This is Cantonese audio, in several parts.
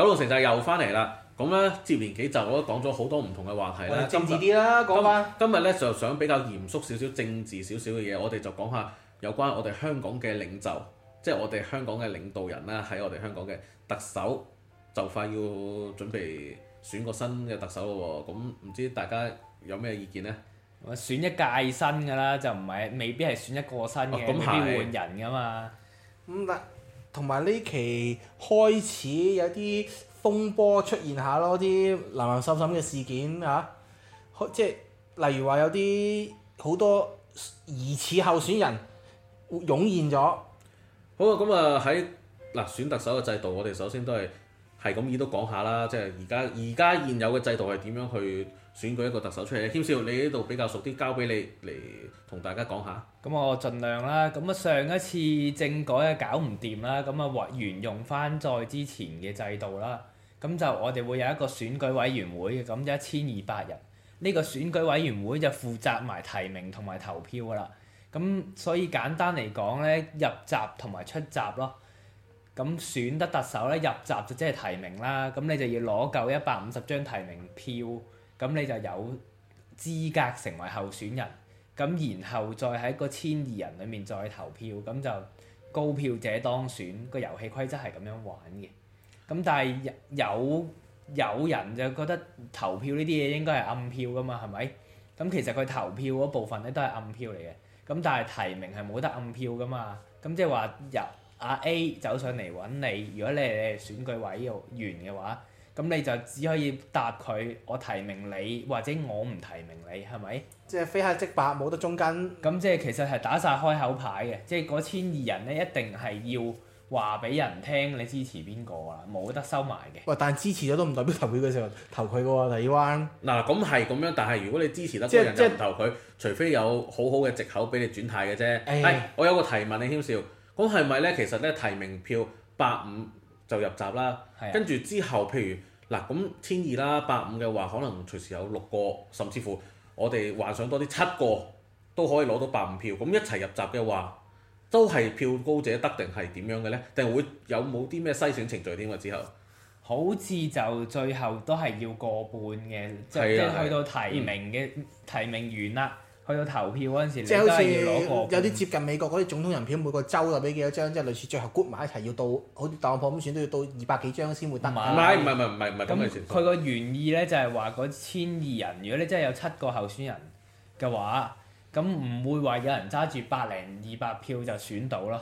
九龍城就又翻嚟啦，咁咧接連幾集我都講咗好多唔同嘅話題啦。政治啲啦，講翻。今日咧就想比較嚴肅少少、政治少少嘅嘢，我哋就講下有關我哋香港嘅領袖，即係我哋香港嘅領導人啦。喺我哋香港嘅特首就快要準備選個新嘅特首咯。咁唔知大家有咩意見呢？我選一屆新嘅啦，就唔係未必係選一個新嘅，未必換人噶嘛。咁同埋呢期開始有啲風波出現下咯，啲爛爛濕濕嘅事件嚇、啊，即係例如話有啲好多疑似候選人湧現咗。好啊，咁啊喺嗱選特首嘅制度，我哋首先都係係咁意都講下啦，即係而家而家現有嘅制度係點樣去，選舉一個特首出嚟，謙少，你呢度比較熟啲，交俾你嚟同大家講下。咁我盡量啦。咁啊，上一次政改啊搞唔掂啦，咁啊或沿用翻再之前嘅制度啦。咁就我哋會有一個選舉委員會嘅，咁一千二百人呢個選舉委員會就負責埋提名同埋投票㗎啦。咁所以簡單嚟講呢入閘同埋出閘咯。咁選得特首呢，入閘就即係提名啦。咁你就要攞夠一百五十張提名票。咁你就有資格成為候選人，咁然後再喺個千二人裏面再投票，咁就高票者當選。個遊戲規則係咁樣玩嘅。咁但係有有人就覺得投票呢啲嘢應該係暗票㗎嘛，係咪？咁其實佢投票嗰部分咧都係暗票嚟嘅。咁但係提名係冇得暗票㗎嘛。咁即係話由阿 A 走上嚟揾你，如果你係選舉委員嘅話。咁你就只可以答佢，我提名你或者我唔提名你，係咪？即係非黑即白，冇得中間。咁即係其實係打晒開口牌嘅，即係嗰千二人咧，一定係要話俾人聽你支持邊個啦，冇得收埋嘅。喂，但係支持咗都唔代表投票嗰時候投佢喎，啊，荔灣。嗱、啊，咁係咁樣，但係如果你支持得嗰人即就唔投佢，除非有好好嘅藉口俾你轉態嘅啫。係唉，唉我有個提問你，軒笑。咁係咪咧？其實咧提名票八五。就入閘啦，跟住是的 之後，譬如嗱咁千二啦，百五嘅話，可能隨時有六個，甚至乎我哋幻想多啲七個都可以攞到百五票。咁一齊入閘嘅話，都係票高者得定係點樣嘅呢？定會有冇啲咩篩選程序添啊？之後好似就最後都係要過半嘅，即係的去到提名嘅提名完啦。嗯。去到投票嗰陣時，即係好似有啲接近美國嗰啲總統人票，每個州就俾幾多張，即係類似最後攰埋一齊要到，好似當選都要到二百幾張先會得。唔係唔係唔係唔係，咁佢個原意咧就係話嗰千二人，如果你真係有七個候選人嘅話，咁唔會話有人揸住百零二百票就選到咯。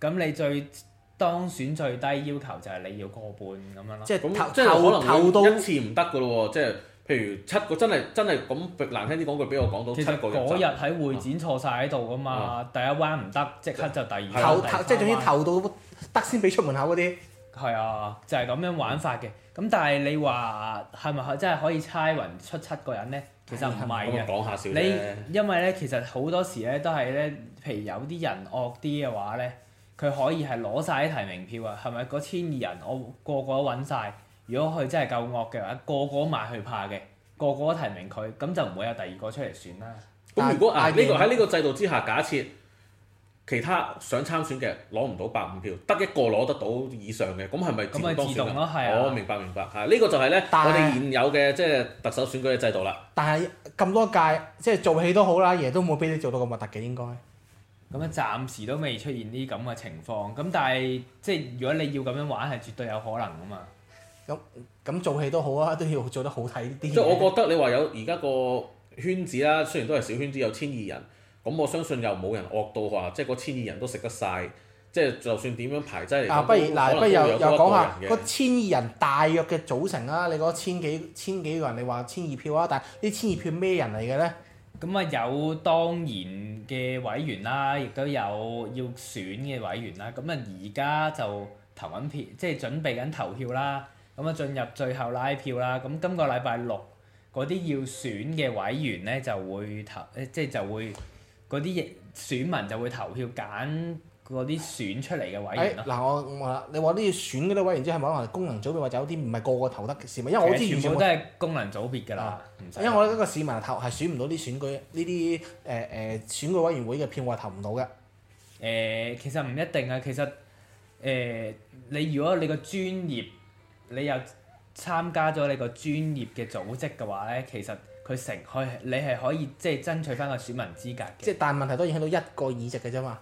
咁你最當選最低要求就係你要過半咁樣咯。即係即係可能一次唔得嘅咯即係。就是譬如七個真係真係咁難聽啲講句，俾我講到七個人。嗰日喺會展坐晒喺度噶嘛？嗯、第一彎唔得，即刻就第二彎頭。即係總之頭到得先俾出門口嗰啲。係啊，就係、是、咁樣玩法嘅。咁但係你話係咪真係可以猜運出七個人咧？其實唔係嘅。啊、笑你因為咧，其實好多時咧都係咧，譬如有啲人惡啲嘅話咧，佢可以係攞晒啲提名票啊？係咪嗰千二人我個個都揾晒。如果佢真係夠惡嘅話，個個買佢怕嘅，個個都提名佢，咁就唔會有第二個出嚟選啦。咁如果呢個喺呢但個制度之下，假設其他想參選嘅攞唔到百五票，得一個攞得到以上嘅，咁係咪咁咪自動咯？係我明白明白，係呢、啊呢個就係呢我哋現有嘅但即係特首選舉嘅制度啦。但係咁多屆即係做戲都好啦，嘢都冇俾你做到咁核突嘅應該。咁樣、嗯嗯、暫時都未出現呢咁嘅情況，咁但係即係如果你要咁樣玩，係絕，絕，絕、嗯、絕對有可能噶嘛。咁咁做戲都好啊，都要做得好睇啲。即係我覺得你話有而家個圈子啦，雖然都係小圈子有千二人，咁我相信又冇人惡到話，即係個千二人都食得晒。即係就算點樣排擠。啊，不如嗱，不如又又講下個千二人大約嘅組成啦。你講千幾千幾個人，你話千二票啊，但係呢千二票咩人嚟嘅咧？咁啊，有當然嘅委員啦，亦都有要選嘅委員啦。咁啊，而家就投緊票，即係準備緊投票啦。咁啊，進入最後拉票啦！咁今個禮拜六嗰啲要選嘅委員咧，就會投，誒即係就會嗰啲選民就會投票揀嗰啲選出嚟嘅委員咯。嗱、哎，我話你話啲要選嗰啲委員，即係冇可能功能組別或者有啲唔係個個投得嘅市民，因為我知全部都係功能組別㗎啦。啊、因為我覺得個市民投係選唔到啲選舉呢啲誒誒選舉委員會嘅票，我係投唔到㗎。誒，其實唔一定啊。其實誒、呃，你如果你個專業你又參加咗你個專業嘅組織嘅話咧，其實佢成佢你係可以即係、就是、爭取翻個選民資格嘅。即係但係問題都影響到一個議席嘅啫嘛。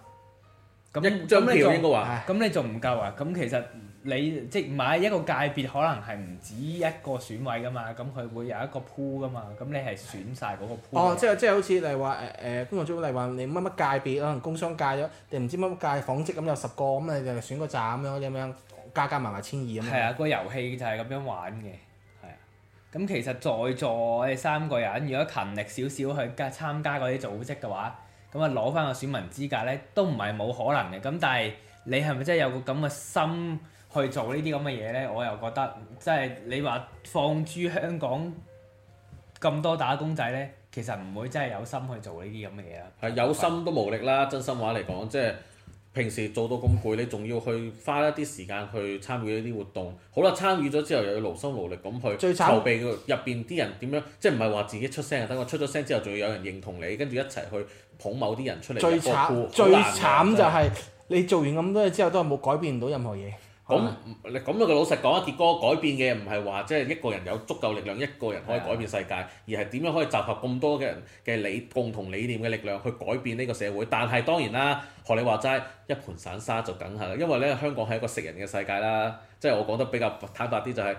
咁那一張票應該話，咁的你仲唔夠啊？咁其實你即係、就是、買一個界別，可能係唔止一個選委噶嘛。咁佢會有一個 pool 噶嘛。咁你係選晒嗰個 pool 的哦，即係即係好似例如話誒誒，咁我再嚟話你乜乜界別啊，可能工商界咗你唔知乜乜界，紡織咁有十個，咁你就選個站咁樣咁樣。加加埋埋千二咁樣。係啊的，嗯、個遊戲就係咁樣玩嘅。係啊，咁其實在座我哋三個人，如果勤力少少去加參加嗰啲組織嘅話，咁啊攞翻個選民資格呢，都唔係冇可能嘅。咁但係你係咪真係有個咁嘅心去做呢啲咁嘅嘢呢？我又覺得，即、就、係、是、你話放諸香港咁多打工仔呢，其實唔會真係有心去做呢啲咁嘅嘢啦。有心都無力啦，嗯、真心話嚟講，即係。平時做到咁攰，你仲要去花一啲時間去參與一啲活動，好啦，參與咗之後又要勞心勞力咁去籌備入邊啲人點樣，最慘，即係唔係話自己出聲，等我出咗聲之後，仲要有人認同你，跟住一齊去捧某啲人出嚟。最慘最慘就係，所以你做完咁多嘢之後，都係冇改變到任何嘢。咁你咁樣嘅老實講啊，傑哥改變嘅唔係話即係一個人有足夠力量，一個人可以改變世界，的而係點樣可以集合咁多嘅人嘅理共同理念嘅力量去改變呢個社會。但係當然啦，學你話齋一盤散沙就梗係啦，因為呢，香港係一個食人嘅世界啦。即係我講得比較坦白啲，就係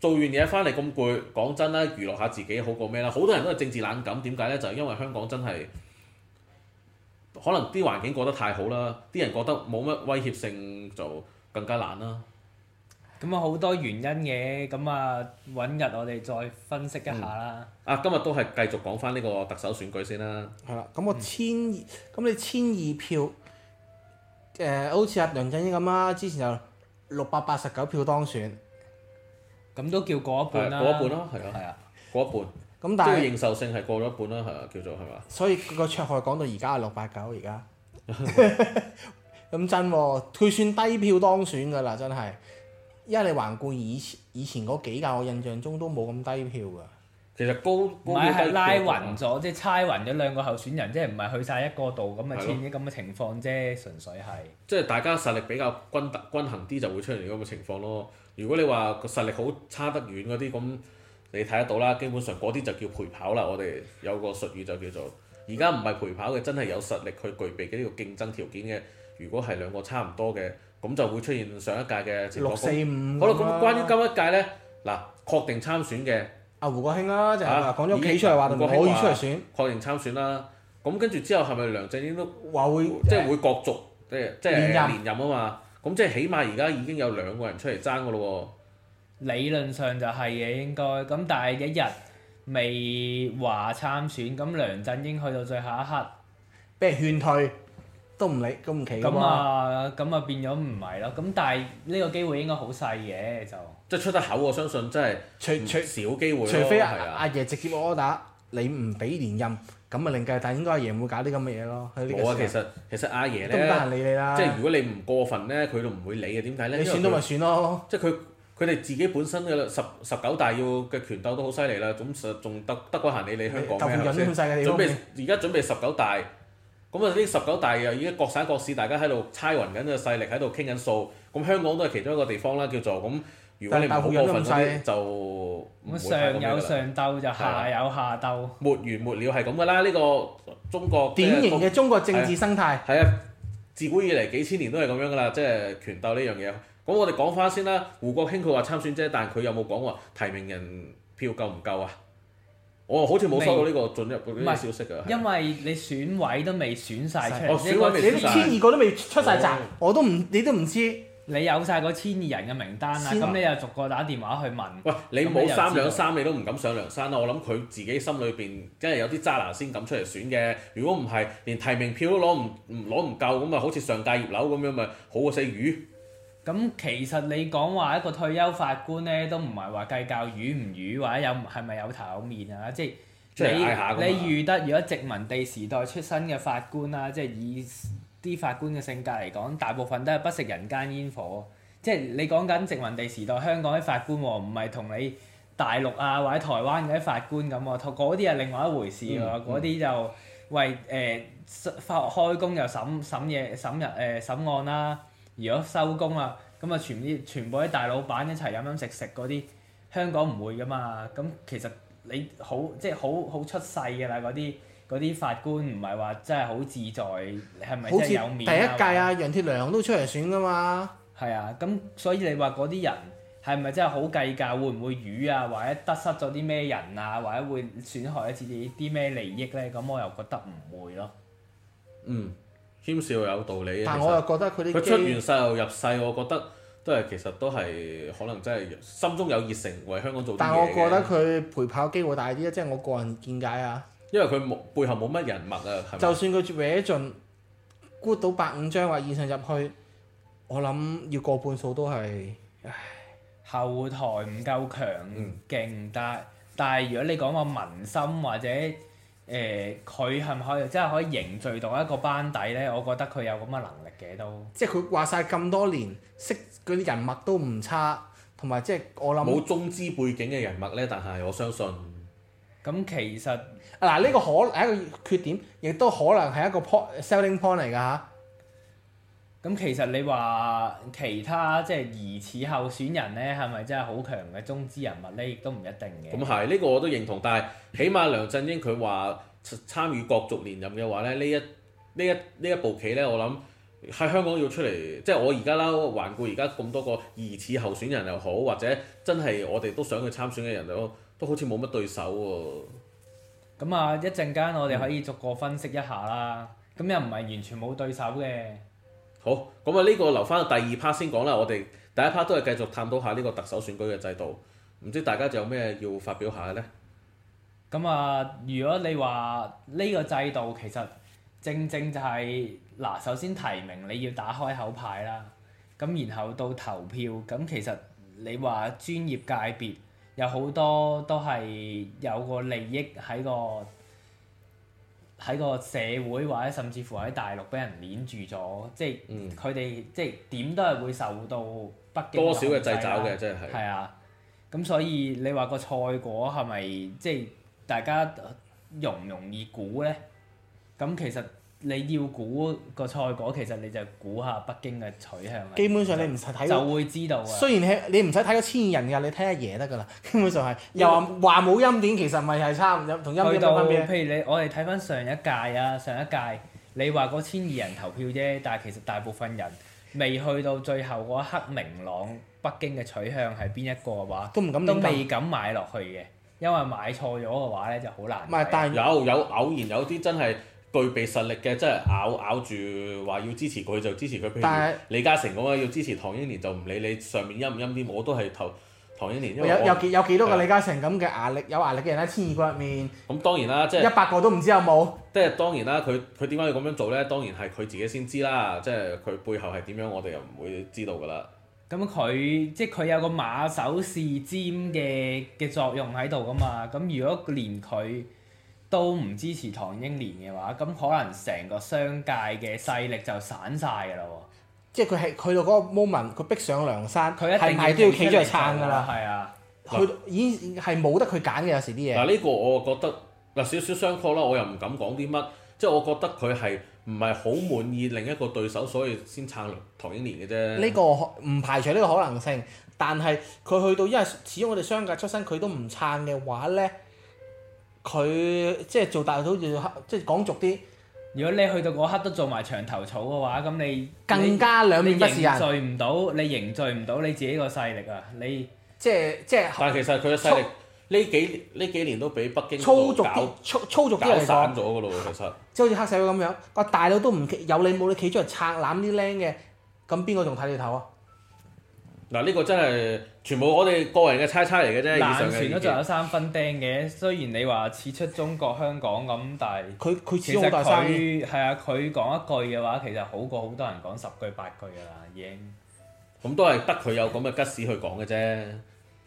做完嘢翻嚟咁攰，講真啦，娛樂下自己好過咩啦？好多人都係政治冷感，點解呢？就係因為香港真係可能啲環境過得太好啦，啲人覺得冇乜威脅性就～更加難啦、啊。咁啊好多原因嘅，咁啊揾日我哋再分析一下啦、嗯。啊，今日都係繼續講翻呢個特首選舉先啦。係啦、啊，咁我千二，咁、嗯、你千二票，誒好似阿梁振英咁啦，之前就六百八十九票當選，咁都叫過一半啦。過一半咯，係啊，係啊，過一半、啊。咁、啊啊、但係認受性係過咗一半啦、啊，係啊，叫做係嘛。所以個綽號講到而家係六八九，而家。咁真喎、啊，佢算低票當選㗎啦，真係。因為你環顧以前以前嗰幾屆，我印象中都冇咁低票㗎。其實高唔係拉勻咗，即係猜勻咗兩個候選人，即係唔係去晒一個度咁啊？出現啲咁嘅情況啫，了純粹係。即係大家實力比較均均衡啲，就會出現咁嘅情況咯。如果你話個實力好差得遠嗰啲，咁你睇得到啦。基本上嗰啲就叫陪跑啦。我哋有個術語就叫做：而家唔係陪跑嘅，真係有實力去具備嘅呢個競爭條件嘅。如果係兩個差唔多嘅，咁就會出現上一屆嘅情況。六四五、啊。好啦，咁關於今一屆呢？嗱，確定參選嘅，阿、啊、胡國興啦、啊，就係講咗企出嚟話，可以出嚟選，確認參選啦。咁跟住之後係咪梁振英都話會即係會角逐，即係即係連任啊嘛？咁即係起碼而家已經有兩個人出嚟爭㗎咯喎。理論上就係嘅應該。咁但係一日未話參選，咁梁振英去到最後一刻，俾人勸退。都唔理，都唔奇噶嘛咁啊，咁啊變咗唔係咯。咁但係呢個機會應該好細嘅就。即係出得口，我相信真係出出少機會除，除非阿、啊、阿、啊、爺直接 order，你唔俾連任，咁啊另計。但係應該阿爺，爺唔會搞啲咁嘅嘢咯。冇啊，其實其實阿爺咧，都得閒理你啦，即係如果你唔過分咧，佢都唔會理嘅。點解咧？你選咗咪算咯。即係佢佢哋自己本身嘅十十九大要嘅權鬥都好犀利啦。咁實仲得得鬼閒理，理，理你香港咩先？準備而家準備十九大。 咁啊！呢十九大又已經各省各市，大家喺度猜雲緊嘅勢力喺度傾緊數。咁香港都係其中一個地方啦，叫做咁。如果你唔好有鬥鬥 分嗰鬥鬥 就上有上鬥就下有下鬥，沒完沒了係咁噶啦！呢個中國典型嘅中國政治生態係啊，自古以嚟幾千年都係咁樣噶啦，即係權鬥呢樣嘢。咁我哋講翻先啦。胡國興佢話參選啫，但係佢有冇講話提名人票夠唔夠啊？我、哦、好似冇收到呢個進入嗰啲咩消息㗎，因為你選委都未選曬出嚟，千二個都未出晒閘，我都唔，你都唔知你有晒嗰千二人嘅名單啦，咁萬你又逐個打電話去問。喂，你冇三兩三你都唔敢上梁山啊！我諗佢自己心裏邊，即係有啲渣男先敢出嚟選嘅。如果唔係，連提名票都攞唔攞唔夠，咁啊好似上屆葉劉咁樣，咪好過死魚。咁其實你講話一個退休法官咧，都唔係話計較遠唔遠，或者有係咪有頭有面啊？即係你即你遇得如果殖民地時代出身嘅法官啦，即係以啲法官嘅性格嚟講，大部分都係不食人間煙火。即係你講緊殖民地時代香港啲法官喎，唔係同你大陸啊或者台灣嗰啲法官咁喎，嗰啲係另外一回事喎，嗰啲、嗯嗯、就為誒發開工又審審嘢審日誒審，審案啦。如果收工啊，咁啊，全部啲全部啲大老闆一齊飲飲食食嗰啲，香港唔會噶嘛。咁其實你好，即係好好出世㗎啦。嗰啲嗰啲法官唔係話真係好自在，係咪真係有面啊？第一屆啊，或者楊鐵梁都出嚟選㗎嘛。係啊，咁所以你話嗰啲人係咪真係好計較？會唔會魚啊？或者得失咗啲咩人啊？或者會損害一啲啲咩利益咧？咁我又覺得唔會咯。嗯。謙少有道理，但其實 我又覺得佢，呢佢出完世又入世，我覺得都係其實都係可能真係心中有熱誠為香港做。但係我覺得佢陪跑機會大啲，即係我個人見解啊。因為佢冇背後冇乜人脈啊，就算佢搣盡估到百五張或以上入去，我諗要過半數都係唉，後台唔夠強勁，但但係如果你講話民心或者誒佢係咪可以即係可以凝聚到一個班底呢？我覺得佢有咁嘅能力嘅都。即係佢話晒咁多年，識嗰啲人脈都唔差，同埋即係我諗冇中資背景嘅人脈呢。但係我相信。咁、嗯、其實嗱呢、這個可能係一個缺點，亦都可能係一個 point selling point 嚟㗎嚇。咁其實你話其他即係、就是、疑似候選人呢係咪真係好強嘅中資人物呢？亦都唔一定嘅。咁係呢個我都認同，但係起碼梁振英佢話參與角逐連任嘅話咧，呢一呢一呢一步棋咧，我諗喺香港要出嚟，即、就、係、是、我而家啦，環顧而家咁多個疑似候選人又好，或者真係我哋都想去參選嘅人又好，都都好似冇乜對手喎、啊。咁啊，一陣間我哋可以逐個分析一下啦。咁、嗯、又唔係完全冇對手嘅。好，咁啊呢個留翻第二 part 先講啦。我哋第一 part 都係繼續探討下呢個特首選舉嘅制度，唔知大家仲有咩要發表下嘅咧？咁啊，如果你話呢個制度其實正正就係，嗱，首先提名你要打開口牌啦，咁然後到投票，咁其實你話專業界別有好多都係有個利益喺個。喺個社會或者甚至乎喺大陸俾人綁住咗，即係佢哋即係點都係會受到北京多少嘅掣肘嘅，即係係啊。咁所以你話個賽果係咪即係大家容唔容易估呢？咁其實。你要估個賽果，其實你就估下北京嘅取向基看看。基本上你唔使睇就會知道。雖然係你唔使睇個千二人㗎，你睇阿爺得㗎啦。基本上係又話冇欽點，其實咪係差唔同欽點分別。譬如你我哋睇翻上一屆啊，上一屆你話個千二人投票啫，但係其實大部分人未去到最後嗰一刻明朗北京嘅取向係邊一個嘅話，都唔敢都未敢買落去嘅，因為買錯咗嘅話咧就好難。唔係，但係有有，有偶然有啲真係。具備實力嘅，即係咬咬住話要支持佢就支持佢。譬如是李嘉誠咁樣要支持唐英年就唔理你上面陰唔陰啲，我都係投唐英年。因為有有幾有幾多個李嘉誠咁嘅壓力？的有壓力嘅人喺千二個入面，咁、嗯、當然啦，即係一百個都唔知有冇。即係當然啦，佢佢點解要咁樣做呢？當然係佢自己先知啦。即係佢背後係點樣，我哋又唔會知道㗎啦。咁佢即係佢有個馬首是瞻嘅嘅作用喺度㗎嘛。咁如果連佢，都唔支持唐英年嘅話，咁可能成個商界嘅勢力就散晒㗎啦。即係佢係去到嗰個 moment，佢逼上梁山，佢係咪都要企出嚟撐㗎啦？係啊，佢已經係冇得佢揀嘅。有時啲嘢嗱，呢個我覺得嗱、啊、少少商榷啦，我又唔敢講啲乜。即係我覺得佢係唔係好滿意另一個對手，所以先撐唐英年嘅啫。呢個唔排除呢個可能性，但係佢去到因為始終我哋商界出身，佢都唔撐嘅話咧。佢即係做大佬，就黑，即係講俗啲。如果你去到嗰刻都做埋牆頭草嘅話，咁你更加兩面不是。凝聚唔到，你凝聚唔到你自己個勢力啊！你即係即係。但係其實佢嘅勢力呢幾呢幾年都比北京粗俗粗俗啲搞散咗嗰咯，其實即係好似黑社會咁樣。個大佬都唔有你冇你企出嚟拆攬啲靚嘅，咁邊個仲睇你頭啊？嗱呢個真係全部我哋個人嘅猜猜嚟嘅啫，爛船都仲有三分釘嘅。雖然你話似出中國香港咁，但係佢佢其大佢係啊，佢講一句嘅話，其實好過好多人講十句八句㗎喇，有有已經。咁都係得佢有咁嘅吉士去講嘅啫。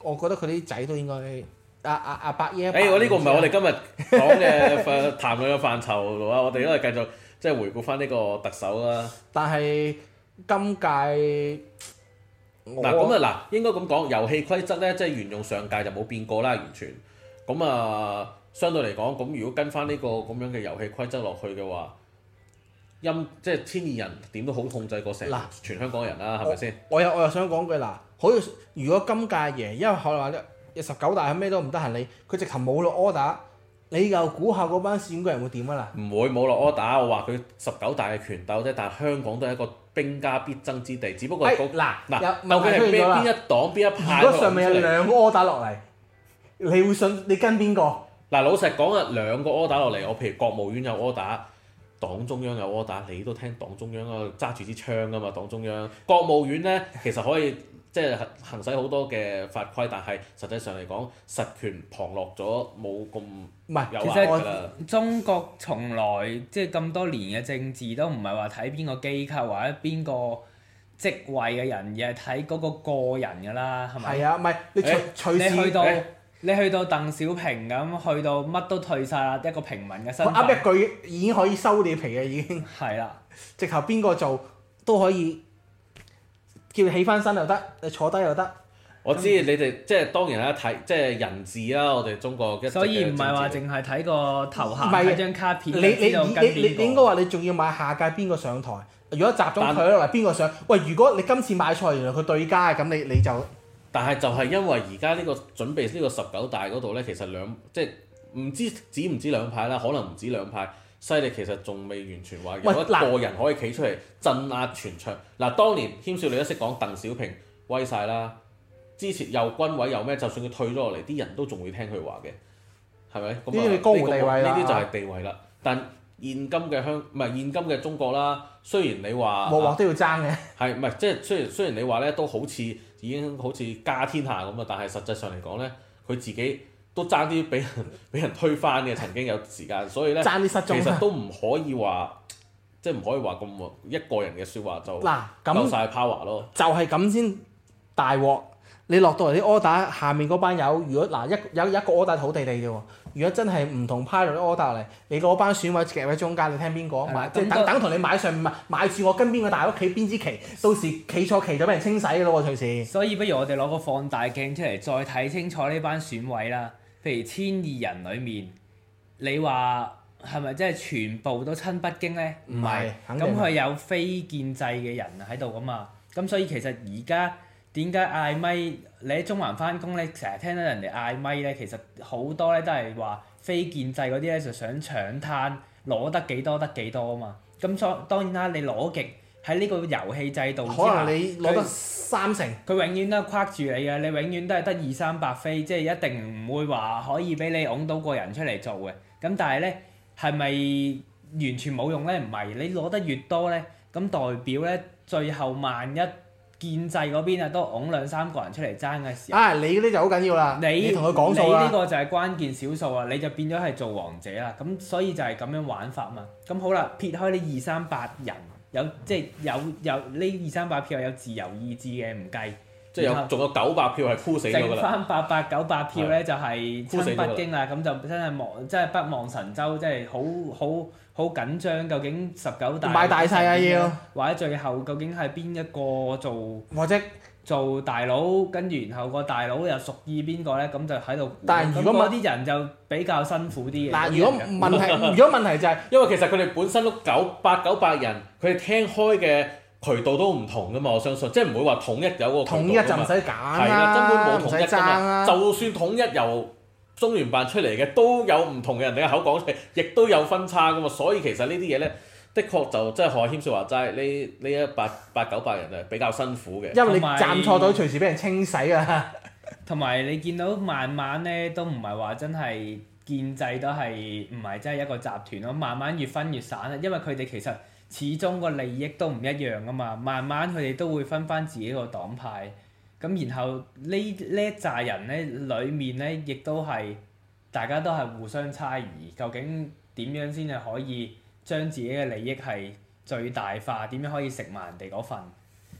我覺得佢啲仔都應該阿阿阿伯爺。誒、啊啊啊哎，我呢個唔係我哋今日講嘅誒談論嘅範疇嘅話， 我哋都係繼續即係回顧返呢個特首啦。但係今屆。嗱咁啊，嗱、啊、應該咁講，遊戲規則咧即係沿用上屆就冇變過啦，完全。咁啊，相對嚟講，咁如果跟翻呢個咁樣嘅遊戲規則落去嘅話，陰即係千二人點都好控制個成嗱全香港人啦，係咪先？我又我又想講句嗱，好如果今屆贏，因為可能話你十九大咩都唔得閒你，佢直頭冇落 order，你又估下嗰班選舉人會點啊嗱？唔會冇落 order，我話佢十九大嘅拳鬥啫，但係香港都係一個。兵家必爭之地，只不過嗱嗱、那個，無論係邊一黨、邊又一派，如果上面有兩個 order 落嚟，你會信你跟邊個？嗱，老實講啊，兩個 order 落嚟，我譬如國務院有 order，黨中央有 order，你都聽黨中央啊，揸住支槍㗎嘛，黨中央，國務院呢，其實可以。 即係行行使好多嘅法規，但係實際上嚟講，實權旁落咗，冇咁。唔係，其實中國從來即係咁多年嘅政治都唔係話睇邊個機構或者邊個職位嘅人，而係睇嗰個個人㗎啦，係咪？係啊，唔係你隨、欸、隨時你去到、欸、你去到鄧小平咁，去到乜都退晒喇，一個平民嘅身份。我啱一句已經可以收你皮嘅已經。係啦的， 直頭邊個做都可以。叫你起翻身又得，你坐低又得這樣。我知你哋即係當然啦，睇即係人治啦，我哋中國。所以唔係話淨係睇個頭銜，睇是張卡片。你你你你你應該話你仲要買下屆邊個上台？如果集中佢落嚟，邊個上？喂，如果你今次買錯，原來佢對家，咁你你就……但係就係因為而家呢個準備呢個十九大嗰度咧，其實兩即係唔知止唔止兩派啦，可能唔止兩派。犀利，其實仲未完全話有一個人可以企出嚟鎮壓全場。嗱，當年謙少你都識講鄧小平威晒啦，之前又軍委又咩，就算佢退咗落嚟，啲人都仲會聽佢話嘅，係咪？呢啲係江湖地位。呢啲就係地位啦。但現今嘅香唔係現今嘅中國啦。雖然你話，冇話都要爭嘅。係唔係？即係雖然雖然你話咧都好似已經好似家天下咁啊，但係實際上嚟講咧，佢自己，都爭啲俾人俾人推翻嘅，曾經有時間，所以咧，實其實都唔可以話，即係唔可以話咁喎。一個人嘅説話就嗱咁晒曬 power 咯，那就係咁先大鑊。你落到嚟啲 order 下面嗰班友，如果嗱一、呃、有一個 order 土地嚟嘅喎，如果真係唔同派落啲 order 嚟，你嗰班選委夾喺中間，你聽邊個買？即等等同你買上唔係，買住我跟邊個大屋企邊支旗，到時企錯旗就俾人清洗嘅咯喎，隨時。所以不如我哋攞個放大鏡出嚟，再睇清楚呢班選委啦。譬如千二人裏面，你話係咪真係全部都親北京咧？唔係，咁佢有非建制嘅人喺度㗎嘛？咁所以其實而家點解嗌咪？你喺中環返工咧，成日聽到人哋嗌咪咧，其實好多咧都係話非建制嗰啲咧就想搶灘攞得幾多得幾多啊嘛！咁所當然啦、啊，你攞極。喺呢個遊戲制度之下，你攞得三成，佢永遠都框住你嘅，你永遠都係得二三百飛，即係一定唔會話可以俾你拱到個人出嚟做嘅。咁但係咧，係咪完全冇用咧？唔係，你攞得越多咧，咁代表咧，最後萬一建制嗰邊啊，都拱兩三個人出嚟爭嘅時候，啊，你呢就好緊要啦。你同佢講數，你呢個就係關鍵少數啦，你就變咗係做王者啦。咁所以就係咁樣玩法嘛。咁好啦，撇開呢二三百人。有即係有有呢二三百票有自由意志嘅唔計，即係後後有仲有九百票係枯死咗㗎啦。剩翻八九百票咧的就係親北京啦，咁就真係望真係北望神州，真係好好好緊張。究竟十九大買大細啊要，或者最後究竟係邊一個做？或者做大佬，跟住然後個大佬又屬意邊個呢？咁就喺度。但係如果某啲人就比較辛苦啲嘅。嗱，如果問題， 如果問題就係、是，因為其實佢哋本身都九八九百人，佢哋聽開嘅渠道都唔同噶嘛，我相信，即係唔會話統一有個。統一就唔使揀啦。係啦，根本冇統一噶嘛。就算統一由中聯辦出嚟嘅，都有唔同嘅人哋嘅口講出嚟，亦都有分叉噶嘛。所以其實呢啲嘢呢。的確就真係何謙説話齋呢，呢一八八九百人係比較辛苦嘅，因為你站錯隊隨時俾人清洗啊。同埋你見到慢慢咧，都唔係話真係建制都係唔係真係一個集團咯，慢慢越分越散啊。因為佢哋其實始終個利益都唔一樣噶嘛，慢慢佢哋都會分翻自己個黨派。咁然後一一人呢，呢一扎人咧，裏面咧，亦都係大家都係互相猜疑，究竟點樣先係可以？將自己嘅利益係最大化，點樣可以食埋人哋嗰份？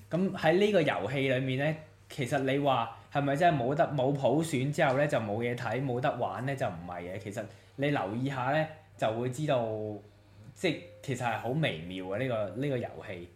咁喺呢個遊戲裏面呢，其實你話係咪真係冇得冇普選之後呢，就冇嘢睇冇得玩呢？就唔係嘅？其實你留意下呢，就會知道，即係其實係好微妙嘅呢個呢個遊戲，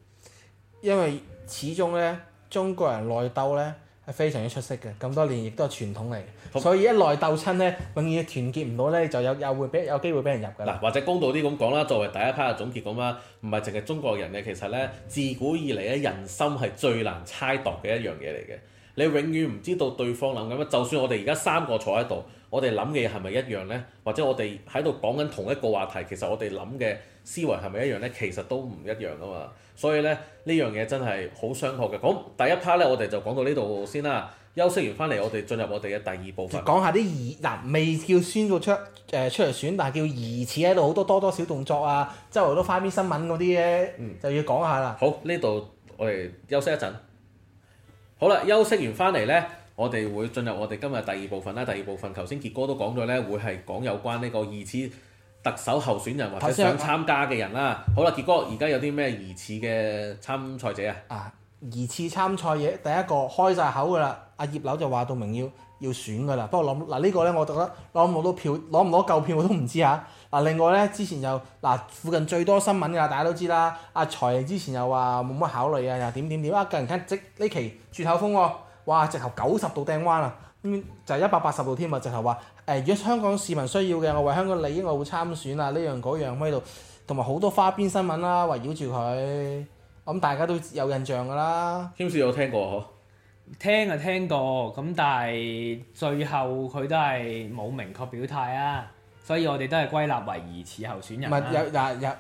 因為始終呢，中國人內鬥呢。係非常之出色嘅，咁多年亦都係傳統嚟。同所以一內鬥親呢，永遠團結唔到呢，就有又會俾有機會俾人入嘅。嗱，或者公道啲咁講啦，作為第一 part 嘅總結咁啦，唔係淨係中國人嘅，其實呢，自古以嚟呢，人心係最難猜度嘅一樣嘢嚟嘅。你永遠唔知道對方諗緊乜，就算我哋而家三個坐喺度，我哋諗嘅嘢係咪一樣呢？或者我哋喺度講緊同一個話題，其實我哋諗嘅思維係咪一樣呢？其實都唔一樣㗎嘛。所以咧，呢樣嘢真係好傷學嘅。咁第一 part 咧，我哋就講到呢度先啦。休息完翻嚟，我哋進入我哋嘅第二部分。講下啲疑嗱未、呃、叫選咗出誒、呃、出嚟選，但係叫疑似喺度好多多多小動作啊，周圍都花邊新聞嗰啲咧，嗯、就要講下啦。好，呢度我哋休息一陣。好啦，休息完翻嚟咧，我哋會進入我哋今日第二部分啦。第二部分頭先傑哥都講咗咧，會係講有關呢個疑似。特首候選人或者想參加嘅人啦，好啦，傑哥，而家有啲咩疑似嘅參賽者啊？啊，疑似參賽者，第一個開晒口噶啦，阿、啊、葉劉就話到明要要選噶啦，不過攞嗱、啊這個、呢個咧，我覺得攞唔攞到票，攞唔攞夠票我都唔知嚇、啊。嗱、啊，另外咧，之前又嗱、啊、附近最多新聞噶，大家都知啦、啊，阿、啊、財之前又話冇乜考慮啊，又點點點啊，近排即呢期轉口風喎、啊，哇，直頭九十度掟彎啦、啊，咁就一百八十度添啊，直頭話。誒，如果香港市民需要嘅，我為香港利益，我會參選啊！呢樣嗰樣喺度，同埋好多花邊新聞啦、啊，圍繞住佢。咁大家都有印象㗎啦。添少有聽過嗬？聽就，聽過。咁但係最後佢都係冇明確表態啊，所以我哋都係歸納為疑似候選人、啊。唔係有，有，有